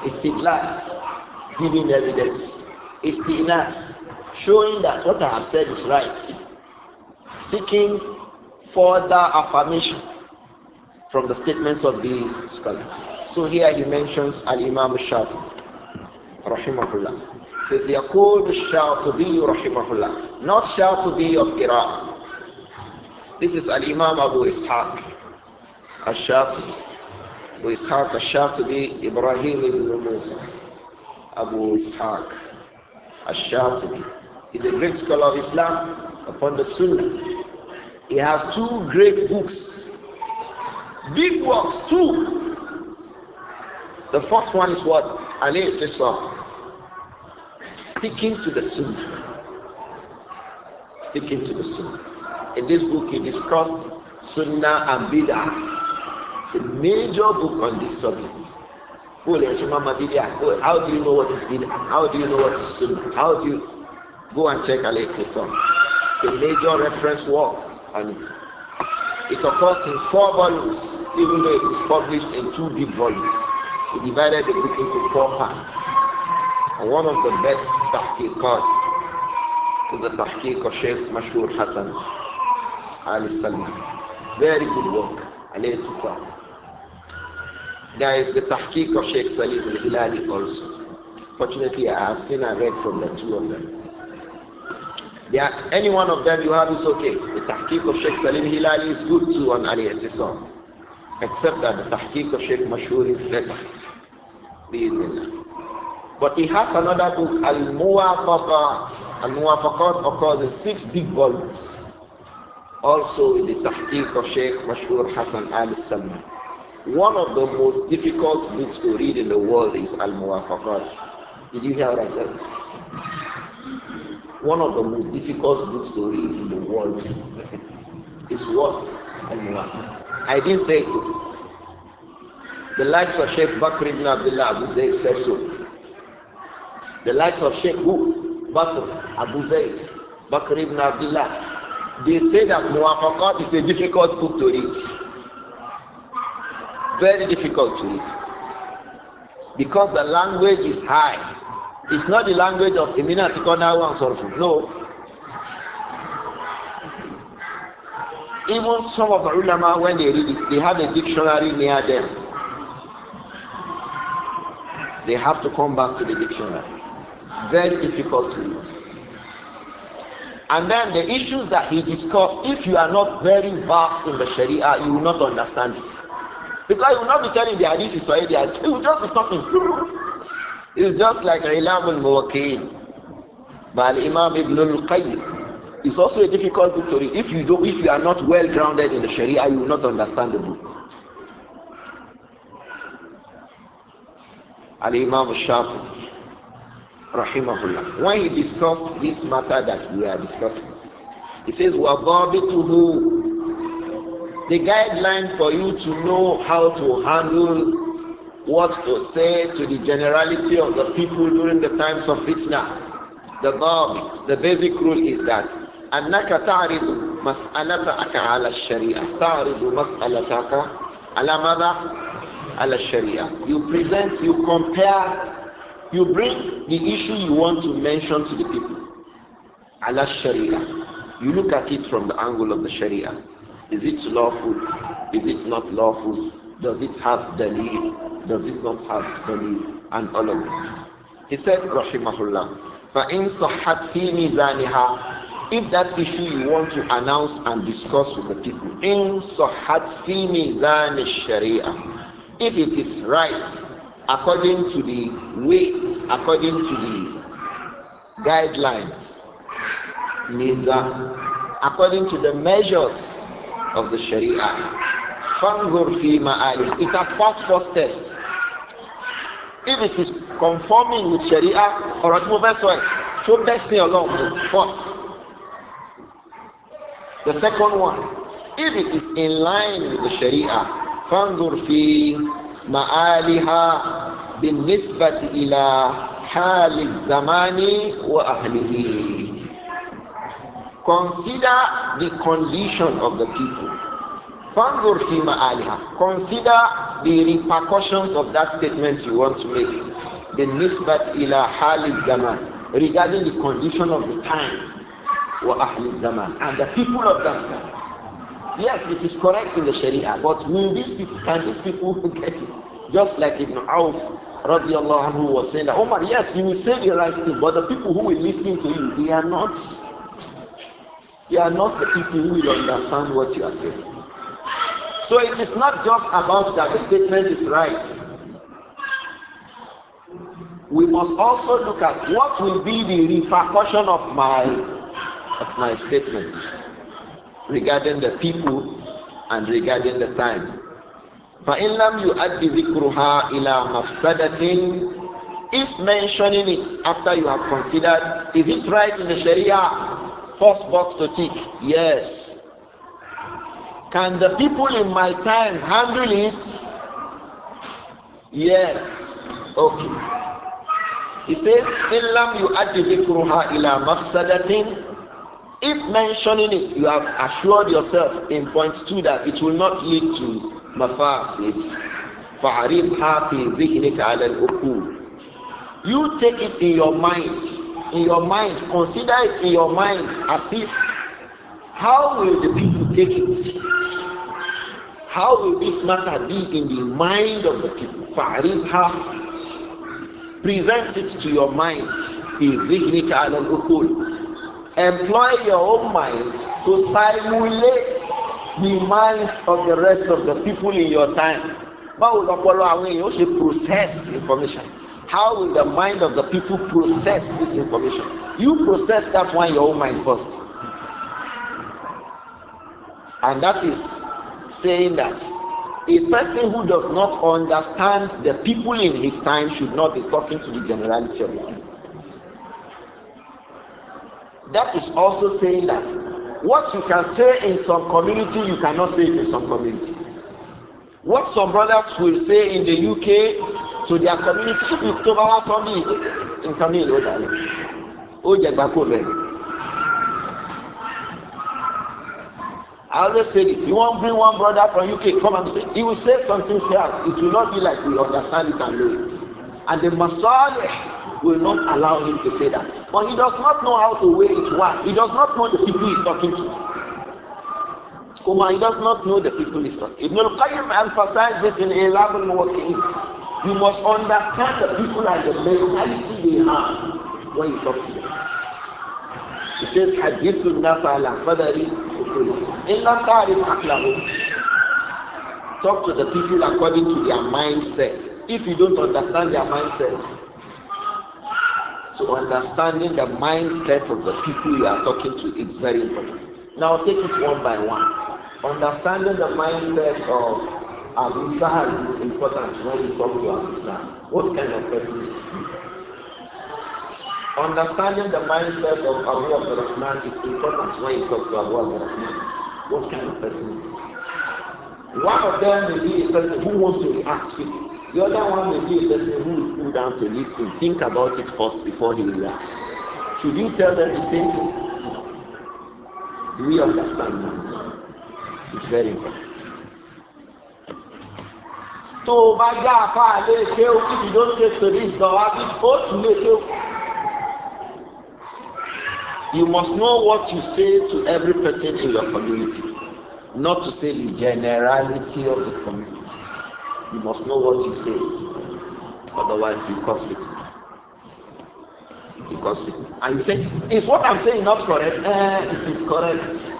istidlal giving evidence istinas showing that what I have said is right seeking further affirmation from the statements of the scholars so here he mentions al-imam al rahimahullah says يقول الشاطبي رحمه rahimahullah, not be of Iraq this is al-imam Abu Ishaq al Abu Ishaq to be Ibrahim ibn Musa, Abu Ishaq al-Shatibi. He's a great scholar of Islam upon the Sunnah. He has two great books, big works, two. The first one is what? Al-Iqtisab, sticking to the Sunnah. Sticking to the Sunnah. In this book, he discussed Sunnah and Bid'ah it's a major book on this subject. How do you know what is bid'ah? How do you know what is sunnah? How do you go and check Al Iqtisam? It's a major reference work on it. It occurs in four volumes, even though it is published in two big volumes. He divided the book into four parts. And one of the best parts is the tahqiq of Sheikh Mashur Hassan Al Salam. Very good work, Al Iqtisam. There is the tahqiq of Sheikh Salim al-Hilali also. Fortunately, I have seen and read from the two of them. Yeah, any one of them you have is okay. The tahqiq of Sheikh Salim Hilali is good too on Ali Itisam. Except that the tahqiq of Sheikh Mashur is better. But he has another book, Al Muwafaqat. Al Muwafaqat occurs in six big volumes. Also the tahqiq of Sheikh Mashur Hassan Al Salman. One of the most difficult books to read in the world is Al Muwafaqat. Did you hear what I said? One of the most difficult books to read in the world is what? Al Muwafaqat. I didn't say it. The likes of Sheikh Bakr ibn Abdullah Abu said so. The likes of Sheikh who? Bakr Abu Zayd, Bakr ibn Abdullah. They say that Muwafaqat is a difficult book to read. Very difficult to read. Because the language is high. It's not the language of Emina Tikonawa and No. Even some of the ulama, when they read it, they have a dictionary near them. They have to come back to the dictionary. Very difficult to read. And then the issues that he discussed, if you are not very vast in the Sharia, you will not understand it. Because he will not be telling the hadith is Sahih, will just be talking. it's just like Ilam al Muwakkeen But Imam Ibn al Qayyim. It's also a difficult book to read. If you, do, if you are not well grounded in the Sharia, you will not understand the book. Al Imam Shatibi, rahimahullah, when he discussed this matter that we are discussing, he says, وَضَابِطُهُ the guideline for you to know how to handle what to say to the generality of the people during the times of fitna. The dhabit, the basic rule is that أنك تعرض مسألتك على الشريعة تعرض مسألتك على ماذا؟ على الشريعة You present, you compare, you bring the issue you want to mention to the people على الشريعة You look at it from the angle of the Sharia is it lawful? Is it not lawful? Does it have the dalil? Does it not have dalil? And all of it. He said, Rahimahullah, فَإِن صَحَّتْ فِي If that issue you want to announce and discuss with the people, إِن صَحَّتْ فِي مِيزَانِ If it is right, according to the weights, according to the guidelines, Mizan, according to the measures of the Sharia. فَانْظُرْ فِي مَآلِهِ It has passed first test. If it is conforming with Sharia, or at movement soil, show best thing along first. The second one, if it is in line with the Sharia, فَانْظُرْ فِي مَآلِهَا بِالنِّسْبَةِ إِلَىٰ حَالِ الزَّمَانِ وَأَهْلِهِ Consider the condition of the people. Fanzur فِي مَآلِهَا Consider the repercussions of that statement you want to make. The ila al حَالِ zaman Regarding the condition of the time. وَأَحْلِ zaman And the people of that time. Yes, it is correct in the Sharia, but will these people, can these people get it? Just like Ibn Auf radiallahu anhu was saying that, Omar, yes, you will say the right thing, but the people who will listen to you, they are not you are not the people who will understand what you are saying. So it is not just about that the statement is right. We must also look at what will be the repercussion of my of my statement regarding the people and regarding the time. فإن لم يؤدي ذكرها إلى مفسدة if mentioning it after you have considered is it right in the sharia first box to tick? Yes. Can the people in my time handle it? Yes. Okay. He says, "Illam you add ila mafsadatin." If mentioning it, you have assured yourself in point two that it will not lead to mafasid. You take it in your mind in your mind consider it in your mind as if how will the people take it how will this matter be in the mind of the people فعرفها present it to your mind employ your own mind to simulate the minds of the rest of the people in your time báwo lọpọlọ àwọn èèyàn ó ṣe process information. How will the mind of the people process this information? You process that one your own mind first. And that is saying that a person who does not understand the people in his time should not be talking to the generality of the people. That is also saying that what you can say in some community, you cannot say in some community. What some brothers will say in the UK to their community, if you tó bá wá sọ mí, nǹkan mi ló dàlẹ́, ó jẹ I always say this. You won't bring one brother from UK, come and say, he will say something fair. It will not be like we understand it and know it. And the Masalih will not allow him to say that. But he does not know how to weigh it well. He does not know the people he's talking to. Umar, he does not know the people he's talking. Ibn al-Qayyim emphasized it in Ilab al You must understand the people and the mentality they have when you talk to them. He says, حدثوا الناس على قدر إن تعرف عقلهم Talk to the people according to their mindset. If you don't understand their mindset, so understanding the mindset of the people you are talking to is very important. Now take it one by one. Understanding the mindset of Abu Sahal is important when you talk to Abu Sahal. What kind of person is he? Understanding the mindset of Abu Abdurrahman is important when you talk to Abu Abdurrahman. What kind of person is he? One of them may be a person who wants to react quickly. The other one may be a person who will cool down to listen, think about it first before he reacts. Should you tell them the same thing? Do we understand now? is very important. tó o bá já apá àlẹ́ kéwù if you don't take to this door habit ó tún lè kéwù. You must know what you say to every person in your community, not to say the generality of the community. You must know what you say, otherwise you cause it. You cause it. And you say, is what I'm saying not correct? Eh, it is correct.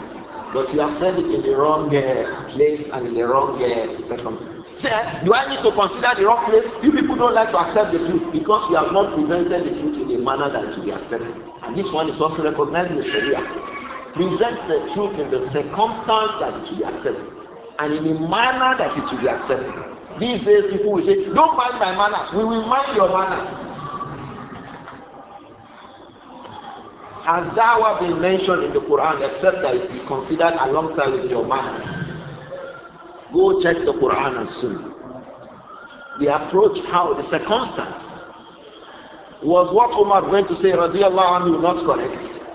But you have said it in the wrong uh, place and in the wrong uh, circumstance. Say, do I need to consider the wrong place? You people don't like to accept the truth because you have not presented the truth in a manner that should be accepted. And this one is also recognizing the Sharia. Present the truth in the circumstance that it should be accepted and in a manner that it should be accepted. These days, people will say, Don't mind my manners. We will mind your manners. Has da'wah been mentioned in the Quran except that it is considered alongside with your manners? Go check the Quran and Sunnah. The approach, how, the circumstance was what Omar went to say, radiallahu anhu, not correct.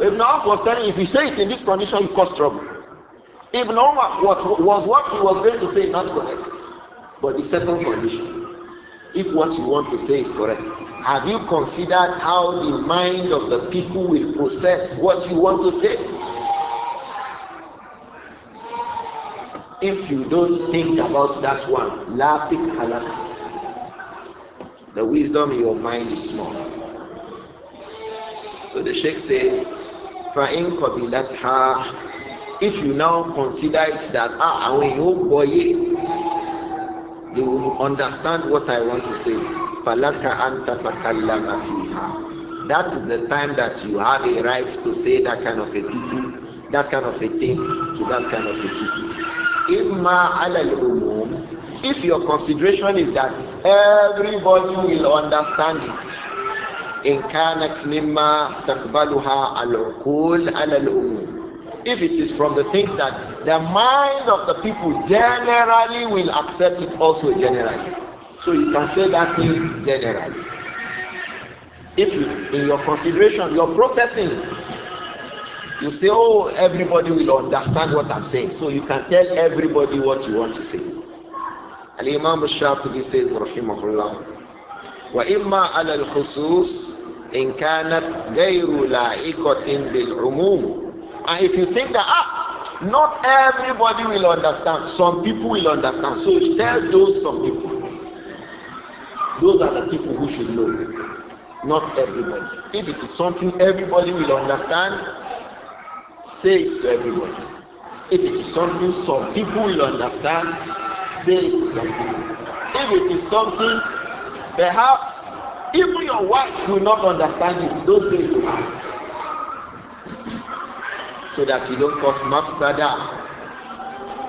Ibn Auf was telling if you say it in this condition, you cause trouble. Ibn Omar what, was what he was going to say, not correct. But the second condition, if what you want to say is correct, have you considered how the mind of the people will process what you want to say? If you don't think about that one, laughing halal, The wisdom in your mind is small. So the Sheikh says, that's قَبِلَتْهَا If you now consider it that, ah, àwọn èèyàn boy." You will understand what I want to say. anta That is the time that you have a right to say that kind of a people, that kind of a thing to that kind of a people. If your consideration is that everybody will understand it. In kanat mimma takbaluha al-uqul ala al if it is from the things that the mind of the people generally will accept it also generally. So you can say that thing generally. If you, in your consideration, your processing, you say, oh, everybody will understand what I'm saying. So you can tell everybody what you want to say. Al Imam Shatibi says, Rahimahullah, وإما على الخصوص إن كانت غير bil بالعموم And if you think that, ah, not everybody will understand, some people will understand. So tell those some people. Those are the people who should know, not everybody. If it is something everybody will understand, say it to everybody. If it is something some people will understand, say it to some people. If it is something perhaps even your wife will not understand you, don't say it to her so that you don't cause mafsada.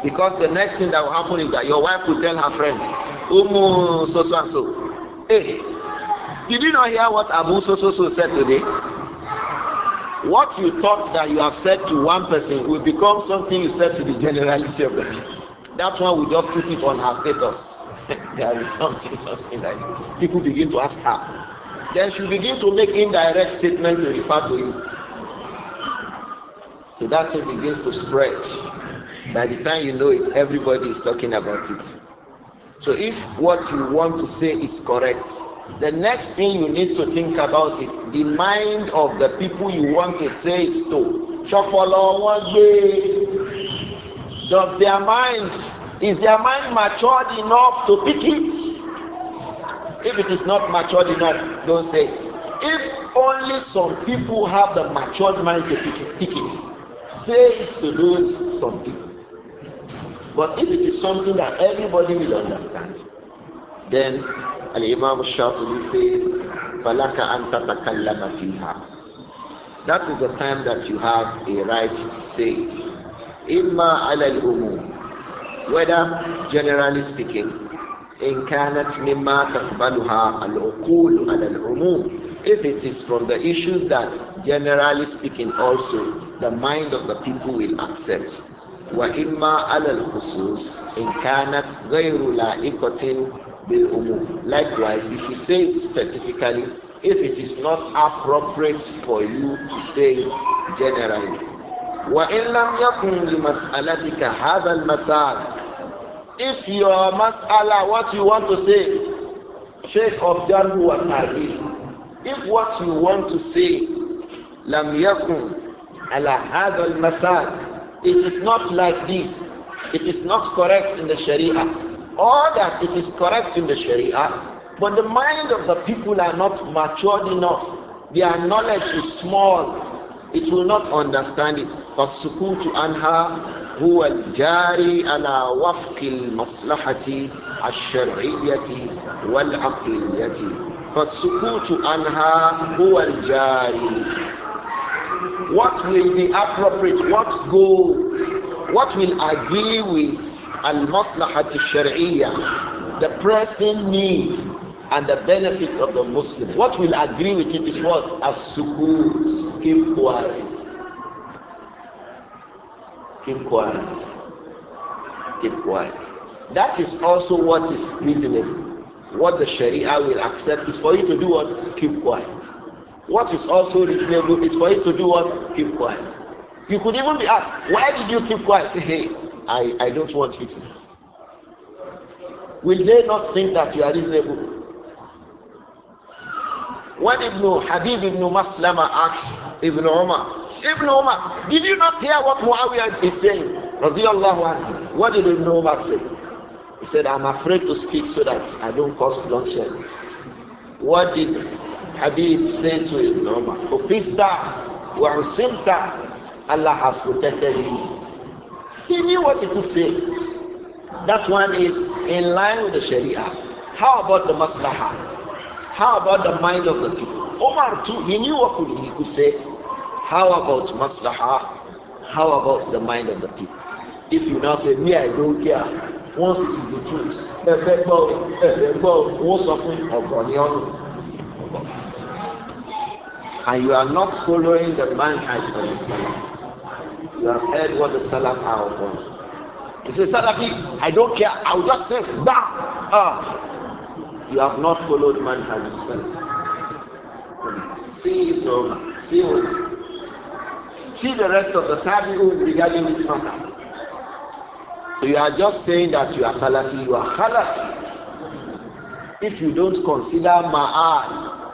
Because the next thing that will happen is that your wife will tell her friend, Umu so so and so, hey, did you not hear what Abu so so so said today? What you thought that you have said to one person will become something you said to the generality of the people. That one will just put it on her status. there is something, something like that. People begin to ask her. Then she begin to make indirect statement to refer to you So that thing begins to spread. By the time you know it, everybody is talking about it. So if what you want to say is correct, the next thing you need to think about is the mind of the people you want to say it to. Does their mind, is their mind matured enough to pick it? If it is not matured enough, don't say it. If only some people have the matured mind to pick it, pick it say it to lose some people. But if it is something that everybody will understand, then Al Imam shortly says, Falaka anta takallama fiha. That is the time that you have a right to say it. Imma umum. Whether generally speaking, in kanat mimma takbaluha al uqul al umum. If it is from the issues that, generally speaking, also the mind of the people will accept. وإما على الخصوص إن كانت غير لائقة بالأمور. Likewise, if you say it specifically, if it is not appropriate for you to say it generally. وإن لم يكن لمسألتك هذا المسار If your what you want to say, Sheikh of Jarhu wa Tarih, if what you want to say, lam yakun ala hadha al-masal, it is not like this. It is not correct in the Sharia. Or that it is correct in the Sharia, but the mind of the people are not matured enough. Their knowledge is small. It will not understand it. hu عنها ala الجاري على وفق المصلحة wal والعقلية فَالسُّكُوتُ who and jari. What will be appropriate, what goes, what will agree with al-maslahat al the pressing need and the benefits of the Muslim. What will agree with it is what? As-sukut, keep quiet. Keep quiet. Keep quiet. That is also what is reasonable. what the Sharia will accept is for you to do what? Keep quiet. What is also reasonable is for you to do what? Keep quiet. You could even be asked, why did you keep quiet? Say, hey, I, I don't want fixing. Will they not think that you are reasonable? When Ibn Habib Ibn Maslama asked Ibn Umar, Ibn Umar, did you not hear what Muawiyah is saying? Radiallahu anhu. What did Ibn Umar say? He said, I'm afraid to speak so that I don't cause bloodshed. What did Habib say to him? Umar? Ufista wa usilta. Allah has protected him. He knew what he could say. That one is in line with the Sharia. How about the maslaha? How about the mind of the people? Omar too, he knew what could, he could say. How about maslaha? How about the mind of the people? If you now say, me, I don't care once it is the truth ẹ̀fẹ̀ gbọ́ ẹ̀fẹ̀ gbọ́ wọ́n sọ fún ọ̀gọ̀ ní ọ̀nà and you are not following the manhaj of the salaf you have heard what the salaf are upon he say salafi i don't care i will just say gba ah you have not followed manhaj of salaf see ibn omar see omar see the rest of the tabi'un regarding this matter. So you are just saying that you are Salafi, you are Khalafi. If you don't consider Ma'al,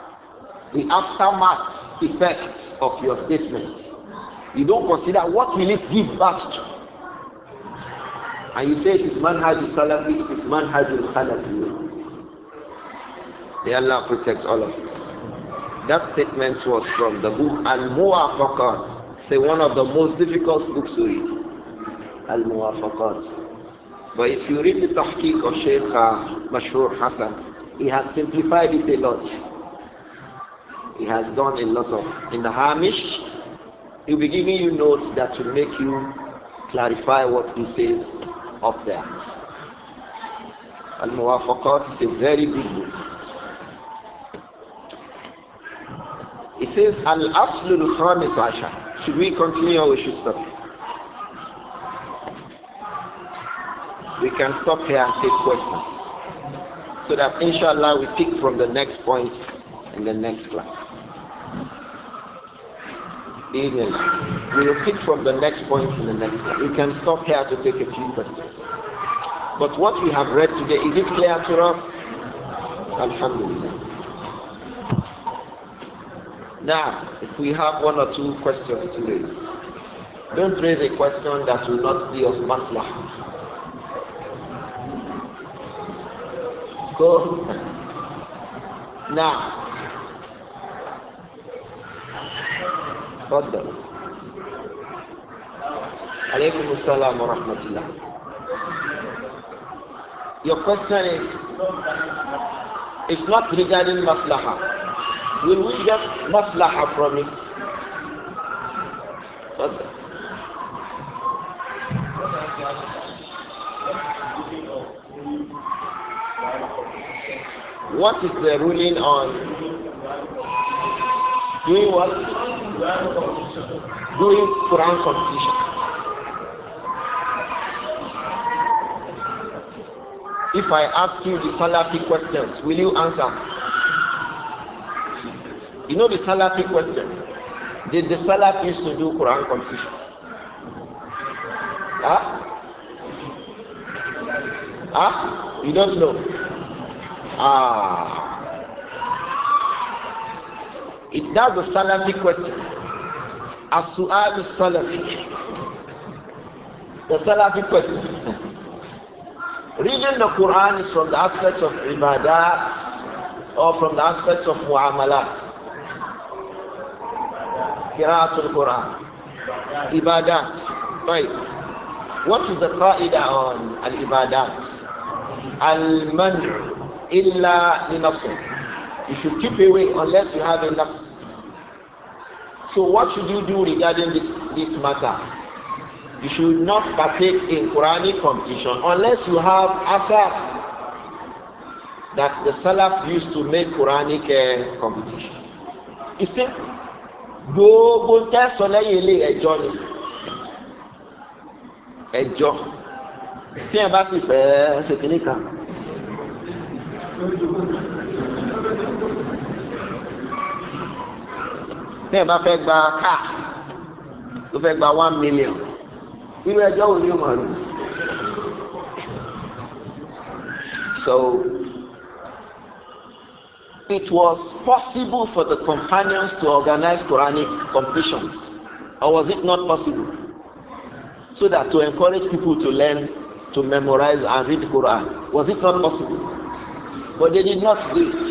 the aftermath effects of your statement, you don't consider what will it give back to. And you say it is manhaj salafi, it is manhaj khalafi. May Allah protect all of us. That statement was from the book Al Muwafaqat, say one of the most difficult books to read al-muwafaqat. But if you read the tahqiq of Sheikh uh, Mashur Hassan, he has simplified it a lot. He has done a lot of. In the Hamish, he'll be giving you notes that will make you clarify what he says up there. Al-Muwafaqat is a very big book. It says, Al-Aslul Khamis Asha. Should we continue or we should stop? can stop here and take questions. So that inshallah we pick from the next points in the next class. Evening. We will pick from the next points in the next class. We can stop here to take a few questions. But what we have read today, is it clear to us? Alhamdulillah. Now, if we have one or two questions to raise, don't raise a question that will not be of maslah. كوه نعم تفضل عليكم السلام ورحمة الله Your question is it's not regarding maslaha. Will we get maslaha from it? Tafadhal. What is the ruling on doing what? Doing Quran competition. If I ask you the Salafi questions, will you answer? You know the Salafi question. Did the used to do Quran competition? Huh? Huh? You don't know. Ah. It, does the Salafi question. As-su'al Salafi. The Salafi question. Reading the Quran is from the aspects of ibadat or from the aspects of mu'amalat. Qira'atul Quran. Ibadat. Right. What is the qaida on al-ibadat? Al-man'u illa linasr. You should keep away unless you have a nas. So what should you do regarding this this matter? You should not partake in Quranic competition unless you have athar that the Salaf used to make Quranic uh, competition. You see, gbogbo tẹ́sán lẹ́yìn ilé ẹjọ́ ni ẹjọ́ tí ẹ bá sì fẹ́ ṣèkínní kan. tẹ́ ẹ bá fẹ́ gba káà tó fẹ́ gba one million irú ẹjọ́ wo ni ó mọ̀ So it was possible for the companions to organize Quranic competitions, or was it not possible? So that to encourage people to learn, to memorize, and read Quran, was it not possible? But they did not do it.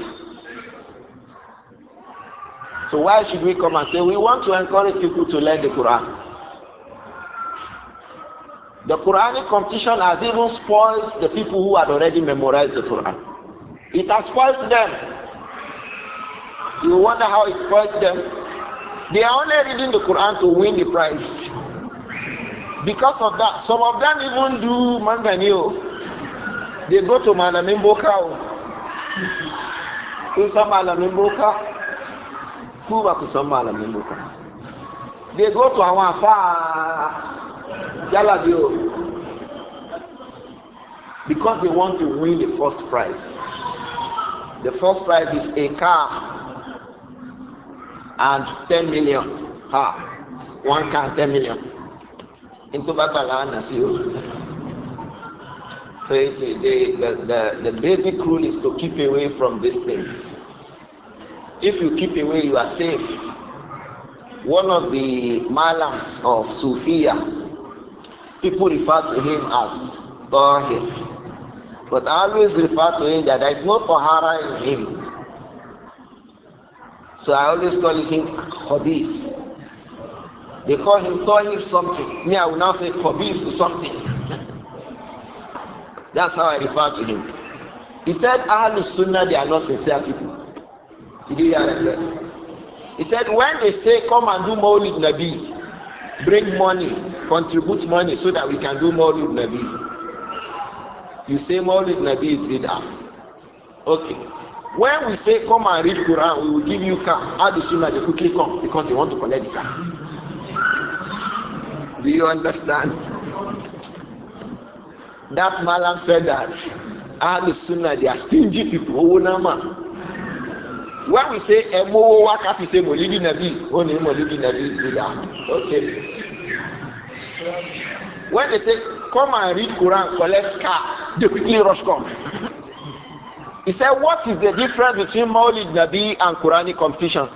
So why should we come and say we want to encourage people to learn the Quran? The Quranic competition has even spoiled the people who had already memorized the Quran. It has spoiled them. You wonder how it spoiled them. They are only reading the Quran to win the prize. Because of that, some of them even do manganio. They go to Malamimbo cow kun san malamin boka ku ba ku san malamin boka go to àwọn àfáà jalabi o because they want to win the first prize the first prize is a car and ten million Ha, one car ten million ntoma bala na si o the, the, the basic rule is to keep away from these things. If you keep away, you are safe. One of the malams of Sufia, people refer to him as Tahir. But I always refer to him that there is no Tahara in him. So I always call him Khabith. They call him Tahir something. Me, I will now say Khabith something. That's how I refer to him. He said, Ahlul Sunnah, they are not sincere people. Did you understand? He said, when they say, come and do Maulid Nabi, bring money, contribute money so that we can do Maulid Nabi. You say Maulid Nabi is bid'ah. Okay. When we say, come and read Quran, we will give you car. Ahlul Sunnah, they quickly come because they want to collect the car. Do you understand? That Malam said that Ahlul Sunnah, they are stingy people. Owó náà mà. When we say ẹ mówó wá ká fi ṣe mòlídìí nàbí, ó ní mòlídìí nàbí is the down. Okay. When they say come and read Quran, collect car, they quickly rush come. He said, what is the difference between Maulid Nabi and Quranic competition?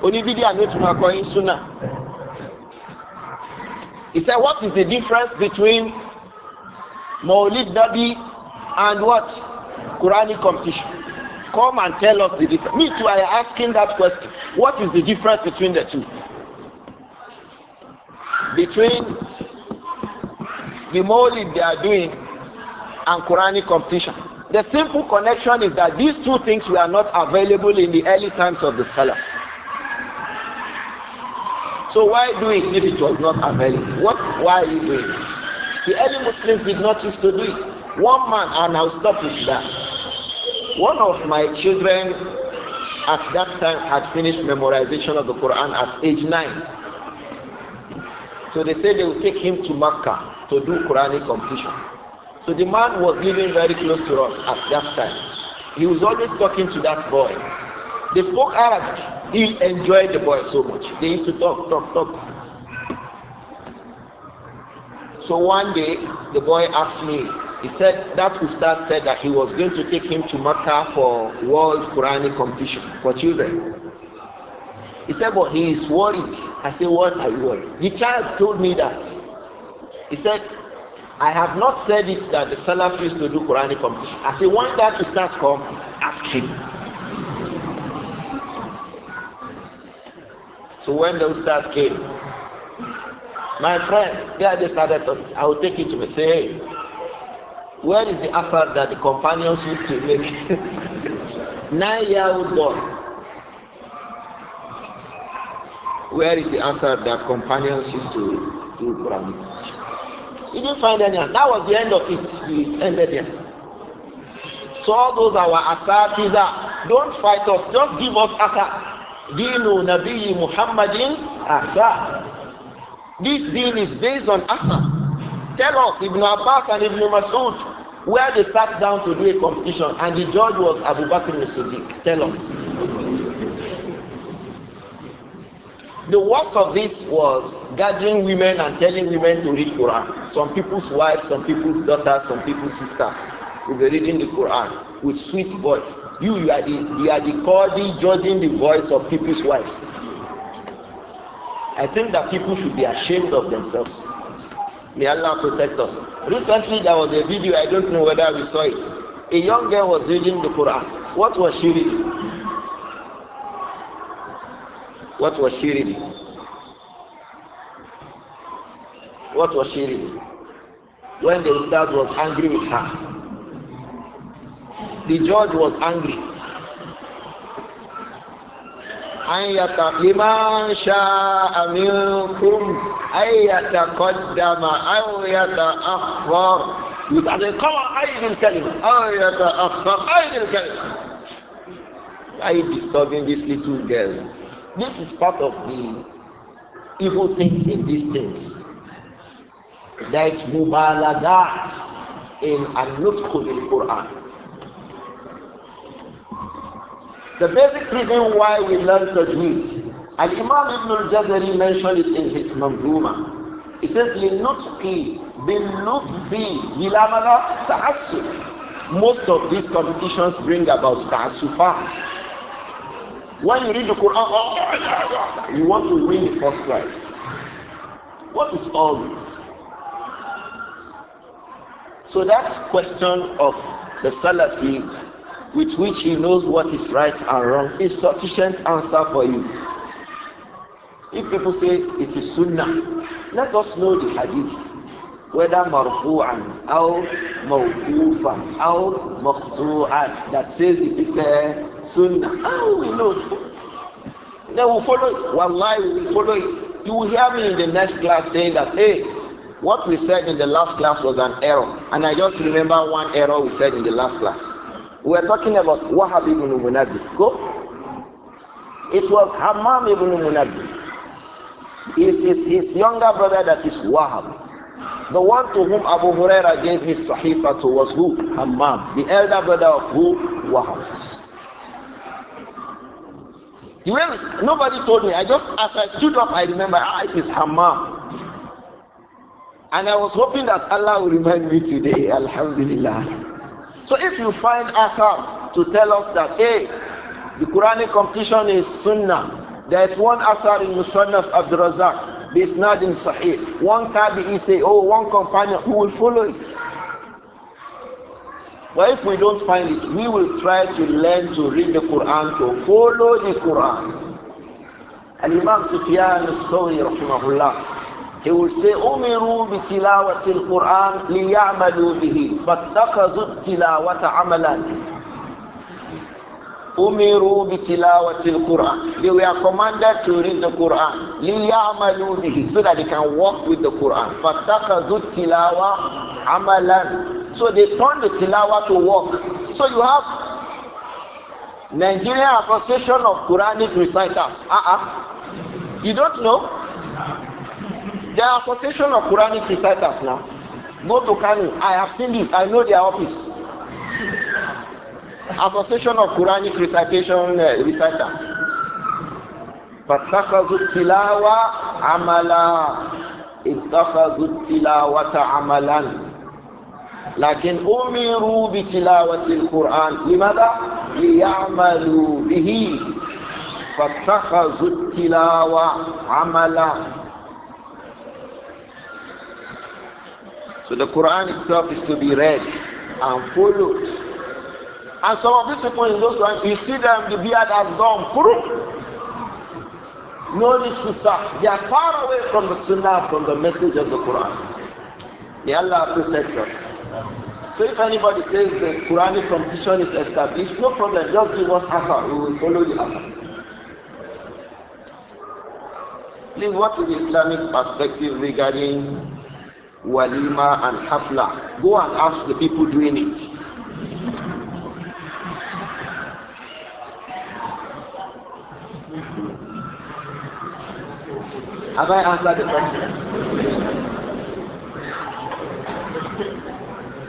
Onibidi Anotuma Koyin Sunnah. He said, What is the difference between Maulid Nabi and what? Quranic competition. Come and tell us the difference. Me too, I am asking that question. What is the difference between the two? Between the Maulid they are doing and Quranic competition. The simple connection is that these two things were not available in the early times of the Salaf. So why do it if it was not available? What? Why are you doing it? The early Muslims did not used to do it. One man, and I'll stop with that. One of my children at that time had finished memorization of the Quran at age nine. So they said they would take him to Makkah to do Quranic competition. So the man was living very close to us at that time. He was always talking to that boy. They spoke Arabic. He enjoyed the boy so much. They used to talk, talk, talk. So one day, the boy asked me, he said that Ustaz said that he was going to take him to Mecca for World Quranic competition for children. He said, but he is worried. I said, what are you worried? The child told me that. He said, I have not said it that the Salaf used to do Quranic competition. I said, when that Ustaz come, ask him. So when the Ustaz came, My friend, there this other thoughts. I will take you to me. Say, hey, where is the effort that the companions used to make? Nine year old boy. Where is the answer that companions used to do from You didn't find any That was the end of it. It ended there. So all those our asatiza, don't fight us. Just give us aka. Dinu Nabi Muhammadin aka. This deal is based on Athar. Tell us, Ibn Abbas and Ibn Mas'ud, where they sat down to do a competition and the judge was Abu Bakr al-Siddiq. Tell us. The worst of this was gathering women and telling women to read Quran. Some people's wives, some people's daughters, some people's sisters will be reading the Quran with sweet voice. You, you are the you are the Qadi judging the voice of people's wives. I think that people should be ashamed of themselves. May Allah protect us. Recently, there was a video, I don't know whether we saw it. A young girl was reading the Quran. What was she reading? What was she reading? What was she reading? When the Ustaz was angry with her, the judge was angry àyàtà lèmá sha ṣá àmì kúrùm àyàtà kọ́dàmà àyàtà àfọ́r yóò ṣe kọ́mọ àyàtà kẹlìmà àyàtà àfọ́r àyàtà kẹlìmà. Why you disturbing this little girl? This is part of the evil things in these things. There is mubalagat in an-nutq bil-Quran. The basic reason why we learn Tajweed, and Imam Ibn al-Jazari mentioned it in his Manzuma. He said, لِنُطْقِ بِالنُطْبِ بِلَمَنَا تَعَسُّف Most of these competitions bring about ta'assufans. When you read the Quran, oh, oh, oh, you want to win the first prize. What is all this? So that question of the Salafi with which he knows what is right and wrong is sufficient answer for you. If people say it is sunnah, let us know the hadith, whether marfu'an or mawkufan or maqtu'an that says it is a uh, sunnah. How ah, we know? Then we will follow it. Wallahi, we will follow it. You will hear me in the next class saying that, hey, what we said in the last class was an error. And I just remember one error we said in the last class. We are talking about Wahab ibn Munabbi. Go. It was Hammam ibn Munabbi. It is his younger brother that is Wahab. The one to whom Abu Huraira gave his sahifa to was who? Hammam. The elder brother of who? Wahab. nobody told me. I just, as I stood up, I remember, ah, it is Hammam. And I was hoping that Allah will remind me today. Alhamdulillah. So if you find aha to tell us that, hey, the Quranic competition is Sunnah, there is one Athar in Musannaf Abdul Razak, not in Sahih, one Tabi'i say, oh, one companion, who will follow it? But if we don't find it, we will try to learn to read the Quran, to follow the Quran. Al Imam Sufyan al-Thawri, rahimahullah, He will say, Umiru bi tilawati al-Quran liya'malu bihi. Fattakazu tilawata amalan. Umiru bi tilawati al They were commanded to read the Quran. Liya'malu bihi. So that they can walk with the Quran. Fattakazu tilawa amalan. So they turned the tilawa to walk. So you have Nigerian Association of Quranic Reciters. Uh-uh. You don't know? There are association of Quranic reciters now. Go to Kano. I have seen this. I know their office. Association of Quranic recitation uh, reciters. فاتخذوا التلاوة عملا اتخذوا التلاوة عملا لكن أمروا بتلاوة القرآن لماذا؟ ليعملوا به فاتخذوا التلاوة عملا So the Quran itself is to be read and followed. And some of these people in those times, you see them, the beard has gone No need to serve. They are far away from the Sunnah, from the message of the Quran. May Allah protect us. So if anybody says the Quranic competition is established, no problem. Just give us Afa. We will follow the Afa. Please, what is the Islamic perspective regarding walima and hafla. Go and ask the people doing it. Have I answered the question?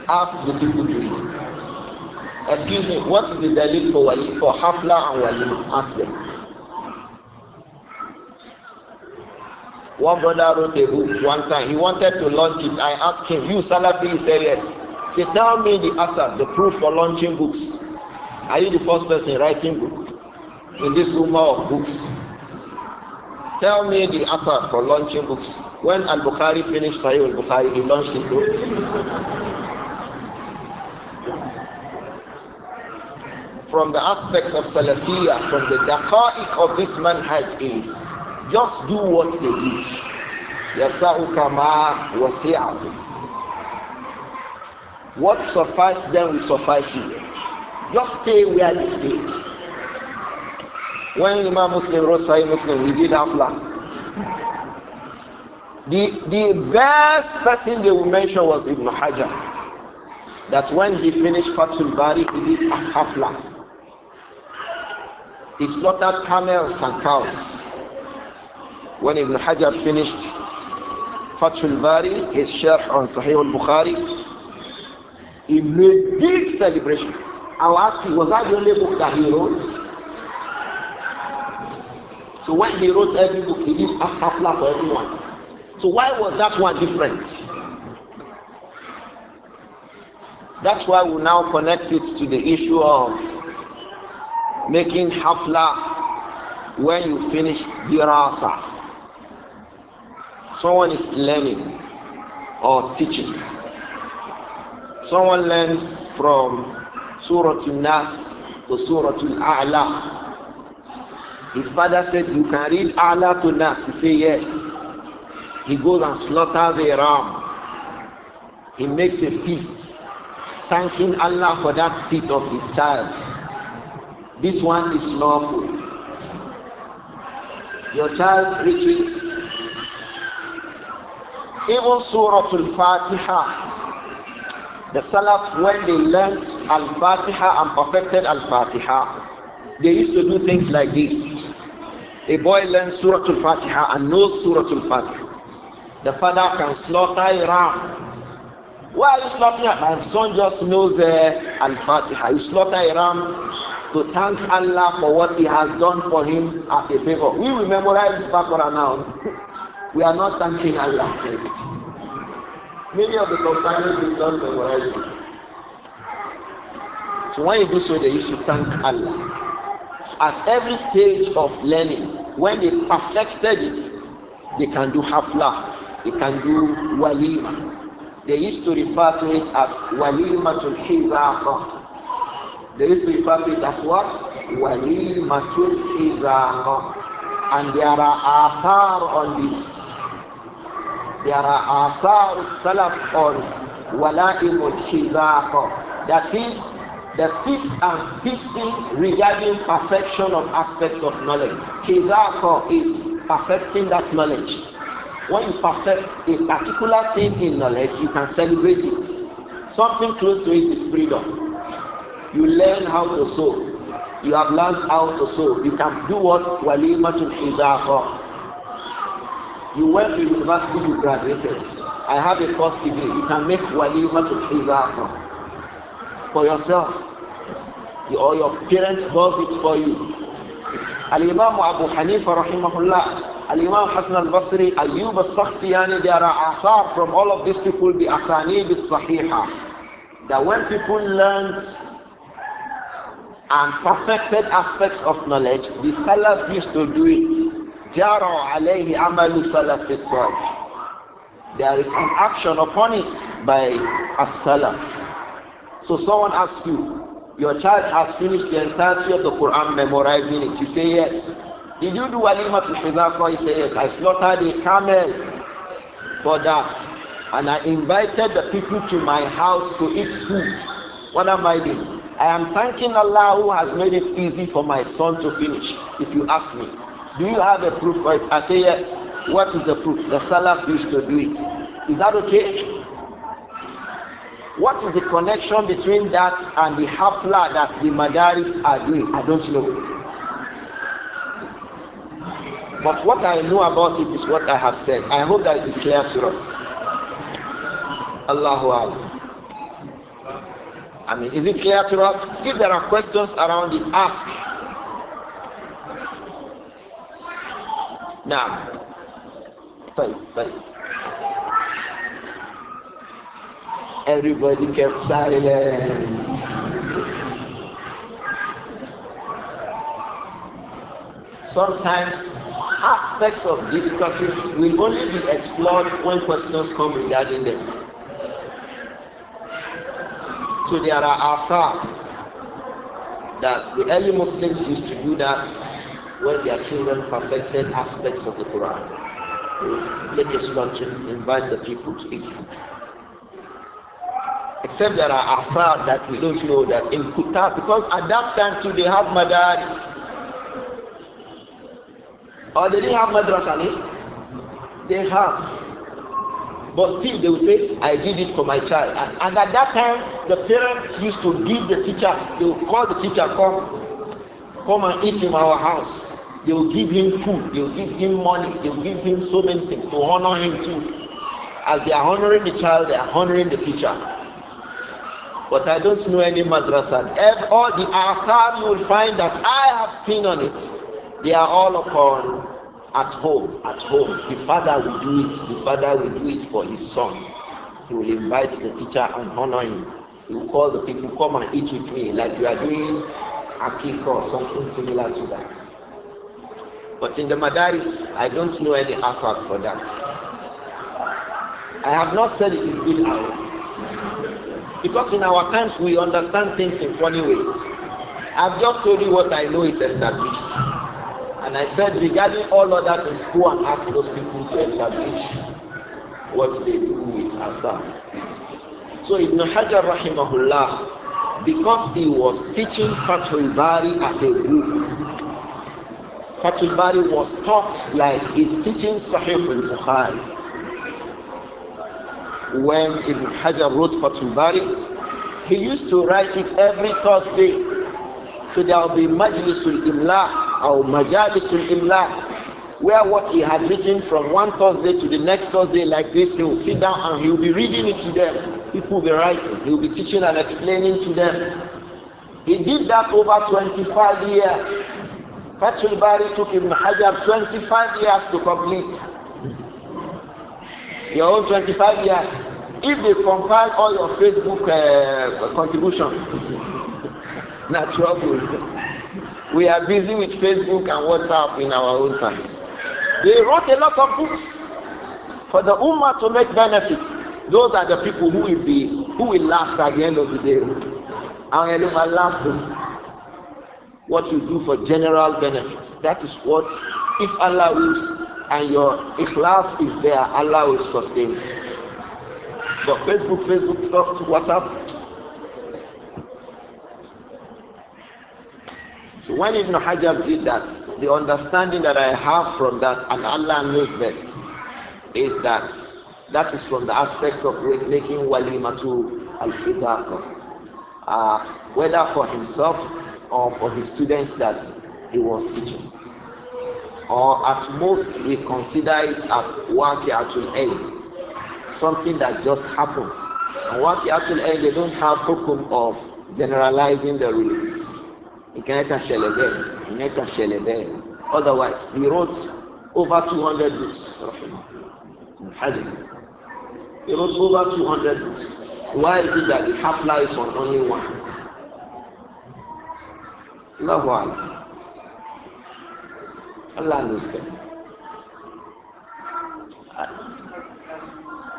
ask the people doing it. Excuse me, what is the delay for, wali, for hafla and walima? Ask them. One brother wrote a book one time. He wanted to launch it. I asked him, You Salafi? He said, Yes. Say, Tell me the author, the proof for launching books. Are you the first person writing book in this rumor of books? Tell me the author for launching books. When Al Bukhari finished Sahih Al Bukhari, he launched his book. from the aspects of Salafiyah, from the daqa'iq of this manhaj is just do what they did. يَسَعُكَ مَا وَسِعَهُ What sufficed them will suffice you. Just stay where they stayed. When Imam Muslim wrote Sahih Muslim, he did have plan. The, the best person they will mention was Ibn Hajar that when he finished Fatul Bari, he did a hafla. He slaughtered camels and cows. When Ibn Hajar finished Fathul Bari, his sharh on Sahih al-Bukhari, he made big celebration. I'll ask you, was that the only book that he wrote? So when he wrote every book, he did a hafla for everyone. So why was that one different? That's why we now connect it to the issue of making hafla when you finish dirasa. Someone is learning or teaching. Someone learns from Surah Nas to Surah Al-A'la. His father said, you can read A'la to Nas. He said, yes. He goes and slaughters a ram. He makes a feast, thanking Allah for that feat of his child. This one is lawful. Your child reaches even Surah Al-Fatiha, the Salaf, when they learned Al-Fatiha and perfected Al-Fatiha, they used to do things like this. A boy learns Surah Al-Fatiha and knows Surah Al-Fatiha. The father can slaughter a ram why are you slaughtering my son just knows uh, al-fatiha you slaughter a ram to thank allah for what he has done for him as a favor we will memorize this backward now we are not thanking Allah for it. Many of the companions did not memorize it. So when you do so, they used to thank Allah. At every stage of learning, when they perfected it, they can do hafla, they can do walima. They used to refer to it as walima tul hizaqa. They used to refer to it as what? walima tul hizaqa. And there are athar on this There are asar salaf on wala'imul hidaqah. That is the feast and feasting regarding perfection of aspects of knowledge. Hidaqah is perfecting that knowledge. When you perfect a particular thing in knowledge, you can celebrate it. Something close to it is freedom. You learn how to sew. You have learned how to sew. You can do what walimatul hidaqah You went to university, you graduated. I have a first degree. You can make whatever to Izaka for yourself. You, or your parents does it for you. Al-Imam Abu Hanifa rahimahullah, Al-Imam Hassan al-Basri, Ayyub al-Sakhtiyani, there are athar from all of these people, be asanib al-sahiha, that when people learned and perfected aspects of knowledge, the Salaf used to do it there is an action upon it by a salaf so someone asks you your child has finished the entirety of the quran memorizing it you say yes did you do walima to hizaqah he says yes i slaughtered a camel for that and i invited the people to my house to eat food what am i doing i am thanking allah who has made it easy for my son to finish if you ask me do you have a proof for it? I say yes. What is the proof? The Salaf used to do it. Is that okay? What is the connection between that and the hafla that the madaris are doing? I don't know. But what I know about it is what I have said. I hope that it is clear to us. Allahu Akbar. I mean, is it clear to us? If there are questions around it, ask. نعم طيب طيب everybody kept silent sometimes aspects of difficulties will only be explored when questions come regarding them so there are after that the early muslims used to do that when their children perfected aspects of the Quran. Make a luncheon, invite the people to eat. Except there are afar that we don't know that in Qatar, because at that time too they have madaris. Or they didn't have madrasa, they have but still they will say i did it for my child and, and, at that time the parents used to give the teachers they would call the teacher come come and eat in our house they will give him food, they will give him money, they will give him so many things to honor him too. As they are honoring the child, they are honoring the teacher. But I don't know any madrasa. All the athar you will find that I have seen on it, they are all upon at home, at home. The father will do it, the father will do it for his son. He will invite the teacher and honor him. He will call the people, come and eat with me, like you are doing kick or something similar to that. But in the Madaris, I don't know any asar for that. I have not said it is bid'ah. Because in our times we understand things in funny ways. I've just told you what I know is established. And I said regarding all other things, go and ask those people to establish what they do with asar. So Ibn Hajar rahimahullah, because he was teaching Fathul Bari as a group. Fatul Bari was taught like his teaching Sahih al Bukhari. When Ibn Hajar wrote Fatul Bari, he used to write it every Thursday. So there will be Majlisul Imla or Majalisul Imla, where what he had written from one Thursday to the next Thursday, like this, he will sit down and he will be reading it to them. People will be writing, he will be teaching and explaining to them. He did that over 25 years. Fatul Bari took Ibn Hajar 25 years to complete. Your own 25 years. If they compile all your Facebook uh, contribution, not trouble. We are busy with Facebook and WhatsApp in our own times. They wrote a lot of books for the Ummah to make benefits. Those are the people who will be who will last at the end of the day. I will last. what you do for general benefits. That is what, if Allah wills and your ikhlas is there, Allah will sustain it. But Facebook, Facebook stuff, WhatsApp. So when Ibn Hajar did that, the understanding that I have from that, and Allah knows best, is that that is from the aspects of making to al-fidaqah. Uh, whether for himself or for his students that he was teaching. Or at most, we consider it as waqi'atul ilm, something that just happened. And waqi'atul ilm, they don't have problem of generalizing the release. Ìkànnì kan ṣẹlẹ̀ bẹ́ẹ̀, ìkànnì kan Otherwise, he wrote over 200 books. Hadith. He wrote over 200 books. Why is it that the half lies on only one? Allahu Alam. Allah knows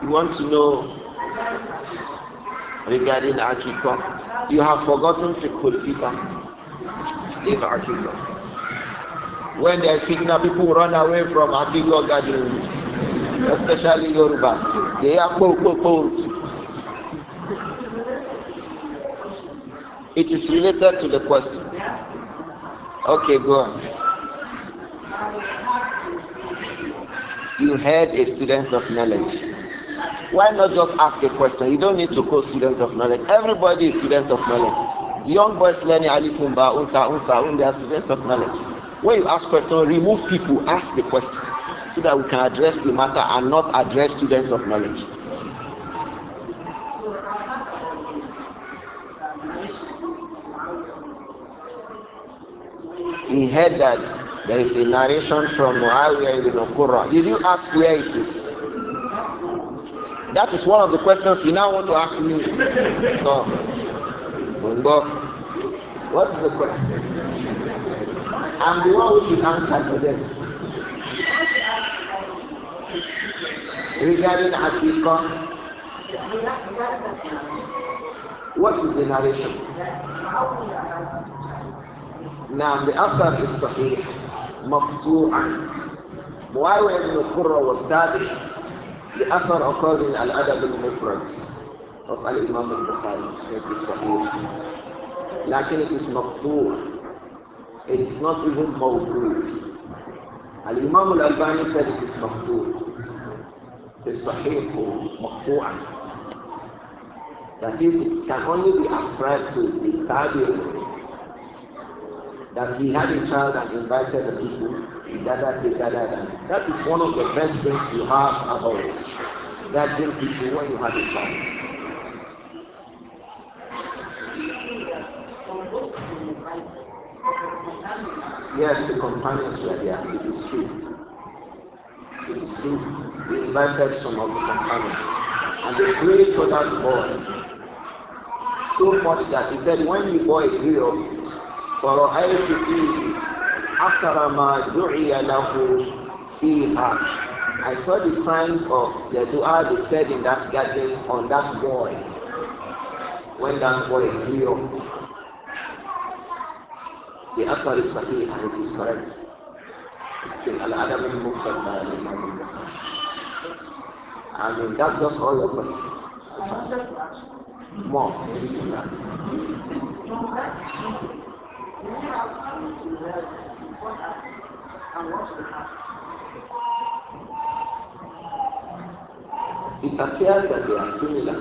You want to know regarding Akika? You have forgotten call people Leave Akika. When they are speaking now people run away from Akika gatherings, especially Yorubas. They are cold, cold, cold. It is related to the question. Okay, go on. You heard a student of knowledge. Why not just ask a question? You don't need to call student of knowledge. Everybody is student of knowledge. Young boys learning alipumba, unta, unta, unta they are students of knowledge. When you ask questions, remove people, ask the question so that we can address the matter and not address students of knowledge. he heard that there is a narration from Muawiyah ibn Qurra. Did you ask where it is? That is one of the questions you now want to ask me. No. What is the question? I'm the one who should answer for them. Regarding Hakika, what is the narration? نعم بأثر الصحيح مقطوعا مواوية بن القرى والتابع لأثر أقاز الأدب المفرد رفع الإمام البخاري it الصحيح لكن it is مقطوع it is not even موضوع الإمام الألباني said it is مقطوع في الصحيح مقطوعا that is it can only be ascribed to the tabi'in that he had a child and invited the people, he gathered, they gathered, that is one of the best things you have about gathering people when you have a child. Yes, the companions were there, it is true. It is true. They invited some of the companions and they prayed for that boy so much that he said, When the boy grew up, فرأيت فيه أثر ما دعي له فيها I saw the signs of the dua they said in that garden on that boy when that boy grew up. The answer is sahih and it is correct. It's in al al I mean, that's just all your us. More. It appears that they are similar,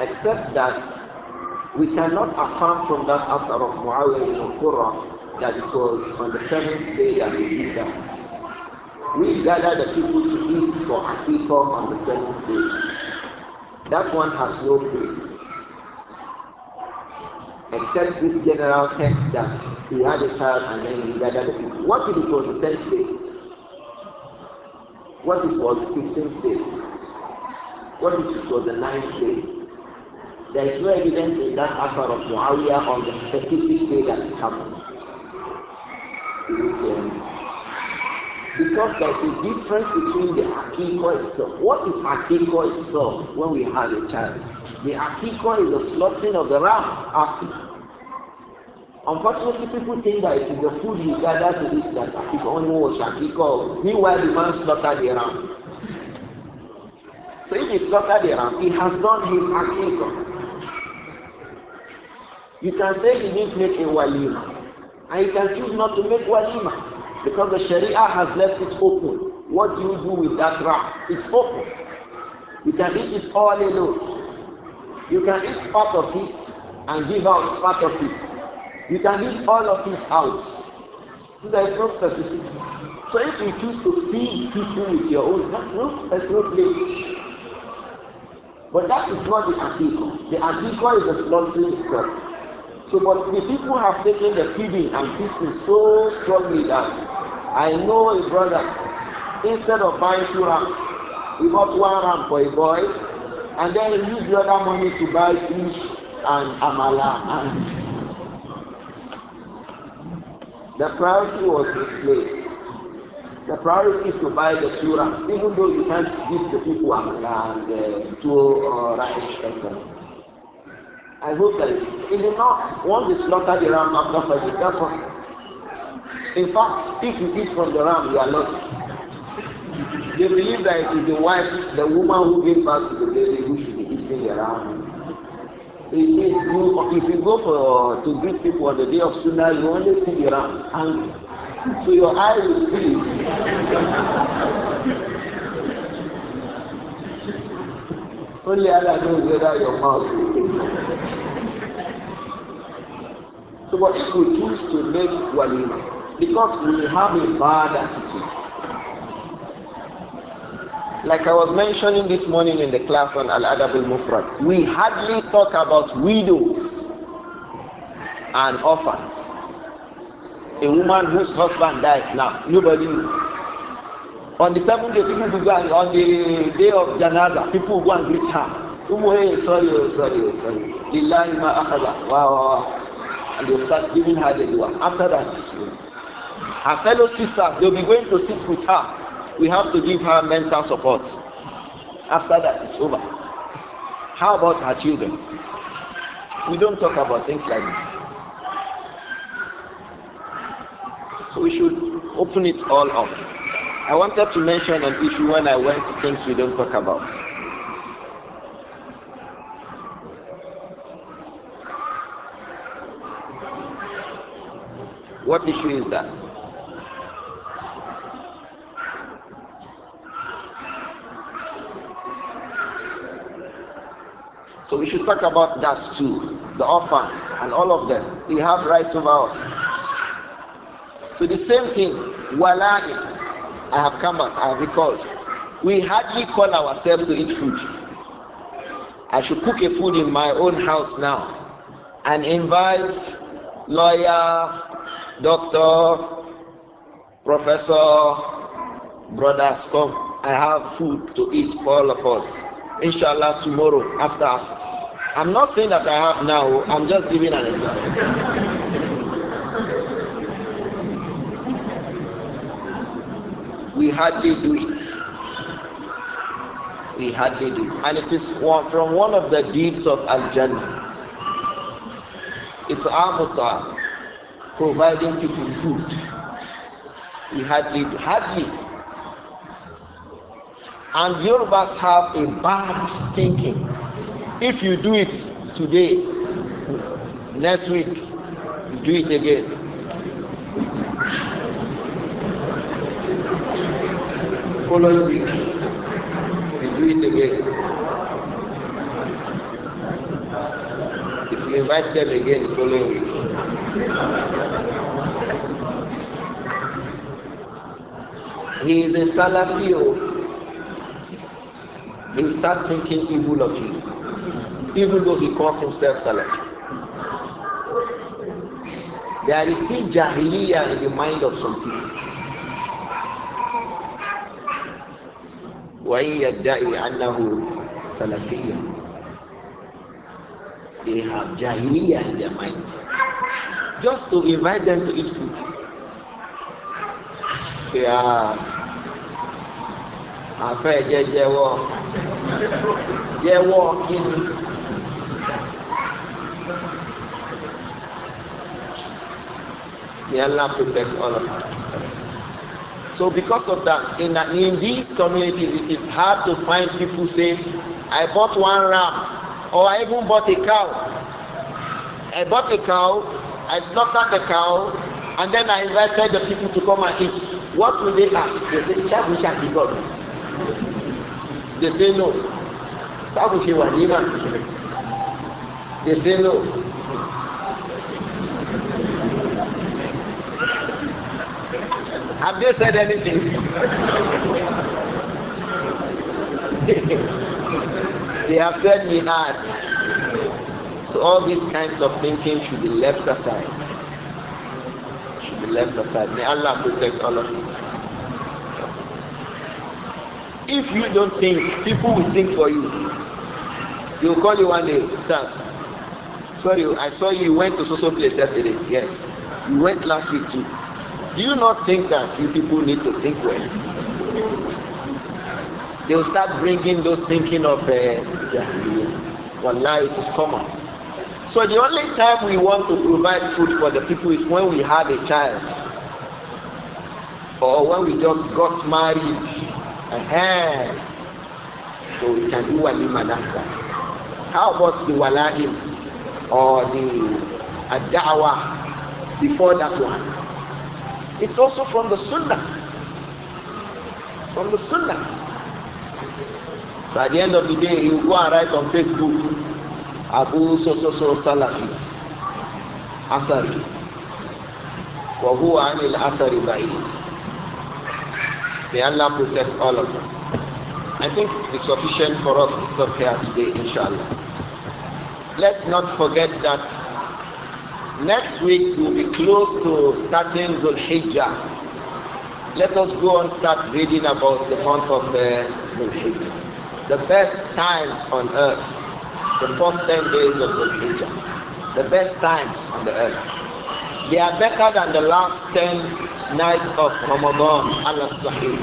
except that we cannot affirm from that answer of Muawiyah in Qurra that it was on the seventh day that we did that. We gather the people to eat for Akiko on the seventh day. That one has no proof except this general text that he had a child and then he gathered the people. What if it was the 10th day? What if it was the 15th day? What if it was the 9th day? There is no evidence in that answer of Muawiyah on the specific day that it happened. Because there's a difference between the akiko itself. What is akiko itself when we have a child? The akiko is the slaughtering of the ram after. Unfortunately, people think that it is the food you gather to eat that's akiko. Only was akiko. Meanwhile, the man slaughtered the ram. So if he slaughtered the ram, he has done his akiko. You can say he didn't make a walima, and you can choose not to make walima. Because the Sharia has left it open. What do you do with that ram? It's open. You can eat it all alone. You can eat part of it and give out part of it. You can leave all of it out. So there's no specifics. So if you choose to feed people with your own, that's no, that's no play. But that is not the article. The article is the slaughtering itself. So, but the people have taken the feeding and feasting so strongly that I know a brother, instead of buying two rams, he bought one ram for a boy, and then he used the other money to buy fish and amala. And the priority was misplaced. The priority is to buy the two rams, even though you can't give the people amala and uh, two uh, rice, etc. I hope there is. In the north, once they slaughter the ram after five that's what. In fact, if you eat from the ram, you are lucky. They believe that it is the wife, the woman who gave birth to the baby, who should be eating the ram. So you see, if you go for to greet people on the day of Sunnah, you only see the ram hungry. So your eye will see it. only Allah knows whether your mouth So, but if we choose to make walima, because we have a bad attitude. Like I was mentioning this morning in the class on Al Adab Mufrad, we hardly talk about widows and orphans. A woman whose husband dies now, nobody. On the seventh day, people go and, on the day of Janaza, people go and greet her. Sorry, oh, sorry, oh, sorry. Lillahi ma Wow, wow, wow and they'll start giving her the dua. After that, her fellow sisters, they'll be going to sit with her. We have to give her mental support. After that, it's over. How about her children? We don't talk about things like this. So we should open it all up. I wanted to mention an issue when I went to things we don't talk about. What issue is that? So we should talk about that too. The orphans and all of them. They have rights over us. So the same thing, wallahi, I have come back, I have recalled. We hardly call ourselves to eat food. I should cook a food in my own house now and invite lawyer, Doctor, Professor, brothers, come. I have food to eat for all of us. Inshallah, tomorrow after us. I'm not saying that I have now, I'm just giving an example. we hardly do it. We hardly do it. And it is one, from one of the deeds of Al Jannah. It's Amuta providing people food. we hardly, hardly. And Yorubas have a bad thinking. If you do it today, next week, you do it again. Following week, you do it again. If you invite them again, following week. He is a Salafi. He will start thinking evil of you, even though he calls himself Salafi. There is still Jahiliyyah in the mind of some people. وإن يدعي أنه سلفي they have jahiliyah in their mind just to invite them to eat food. Yeah. Àfẹ́ jẹ́ jẹ́wọ́ jẹ́wọ́ kíni. May Allah protect all of us. So because of that, in, in these communities, it is hard to find people say, I bought one ram or I even bought a cow. I bought a cow I slaughtered the cow and then I invited the people to come and eat. What will they ask? They say, Chabu shall be God. They say no. Chabu she wadima. They say no. Have they said anything? they have said me ads. So all these kinds of thinking should be left aside. Should be left aside. May Allah protect all of us. If you don't think, people will think for you. you will call you one day, Stars. Sorry, I saw you, went to social place yesterday. Yes. You went last week too. Do you not think that you people need to think well? They'll start bringing those thinking of uh, yeah, Wallah, it is common. So the only time we want to provide food for the people is when we have a child or when we just got married. Uh-huh. So we can do walima that's that. How about the walaim or the adawa before that one? It's also from the sunnah. From the sunnah. So at the end of the day, you go and write on Facebook Abu so so so Salafi Asari وهو عن الأثر بعيد May Allah protect all of us. I think it be sufficient for us to stop here today, inshallah. Let's not forget that next week we'll be close to starting Zul Hijjah let us go and start reading about the month of uh, Zulhijjah. The best times on earth the first 10 days of the Hijjah, the best times on the earth. They are better than the last 10 nights of Ramadan, Allah Sahih.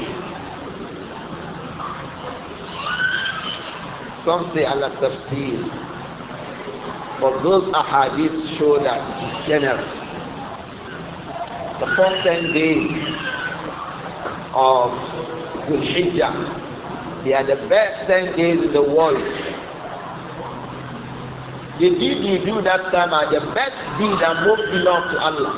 Some say Allah Tafsir, but those ahadith show that it is general. The first 10 days of Zulhijjah, they are the best 10 days in the world The deed you do that time are the best deed and most belong to Allah.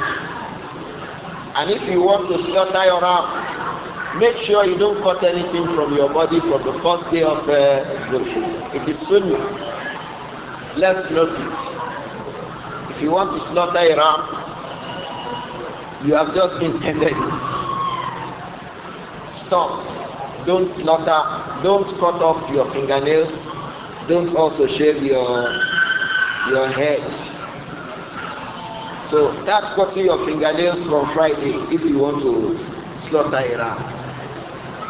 And if you want to slaughter your ram, make sure you don't cut anything from your body from the first day of uh, Dhul It is sunnah. Let's note it. If you want to slaughter a ram, you have just intended it. Stop. Don't slaughter. Don't cut off your fingernails. Don't also shave your your head. So start cutting your fingernails from Friday if you want to slaughter a ram.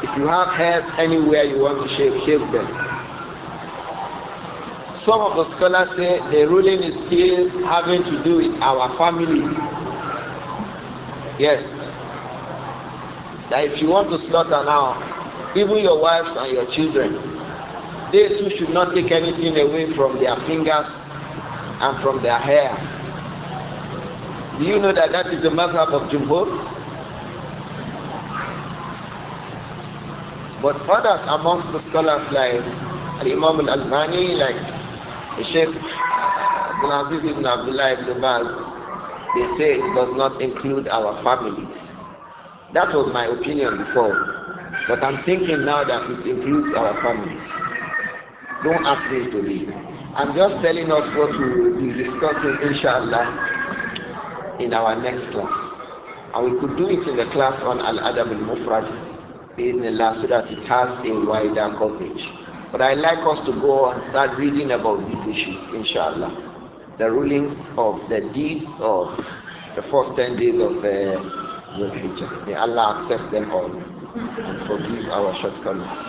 If you have hairs anywhere you want to shave, shave them. Some of the scholars say the ruling is still having to do with our families. Yes. That if you want to slaughter now, even your wives and your children, they too should not take anything away from their fingers and from their hairs. Do you know that that is the mazhab of Jumhur? But others amongst the scholars like Imam al-Albani, like Sheikh Abdul Aziz ibn Abdullah ibn Baz, they say it does not include our families. That was my opinion before. But I'm thinking now that it includes our families. Don't ask me to leave. I'm just telling us what we will be discussing, inshallah, in our next class. And we could do it in the class on Al Adab al Mufrad, in the so that it has a wider coverage. But i like us to go and start reading about these issues, inshallah. The rulings of the deeds of the first 10 days of the uh, May Allah accept them all and forgive our shortcomings.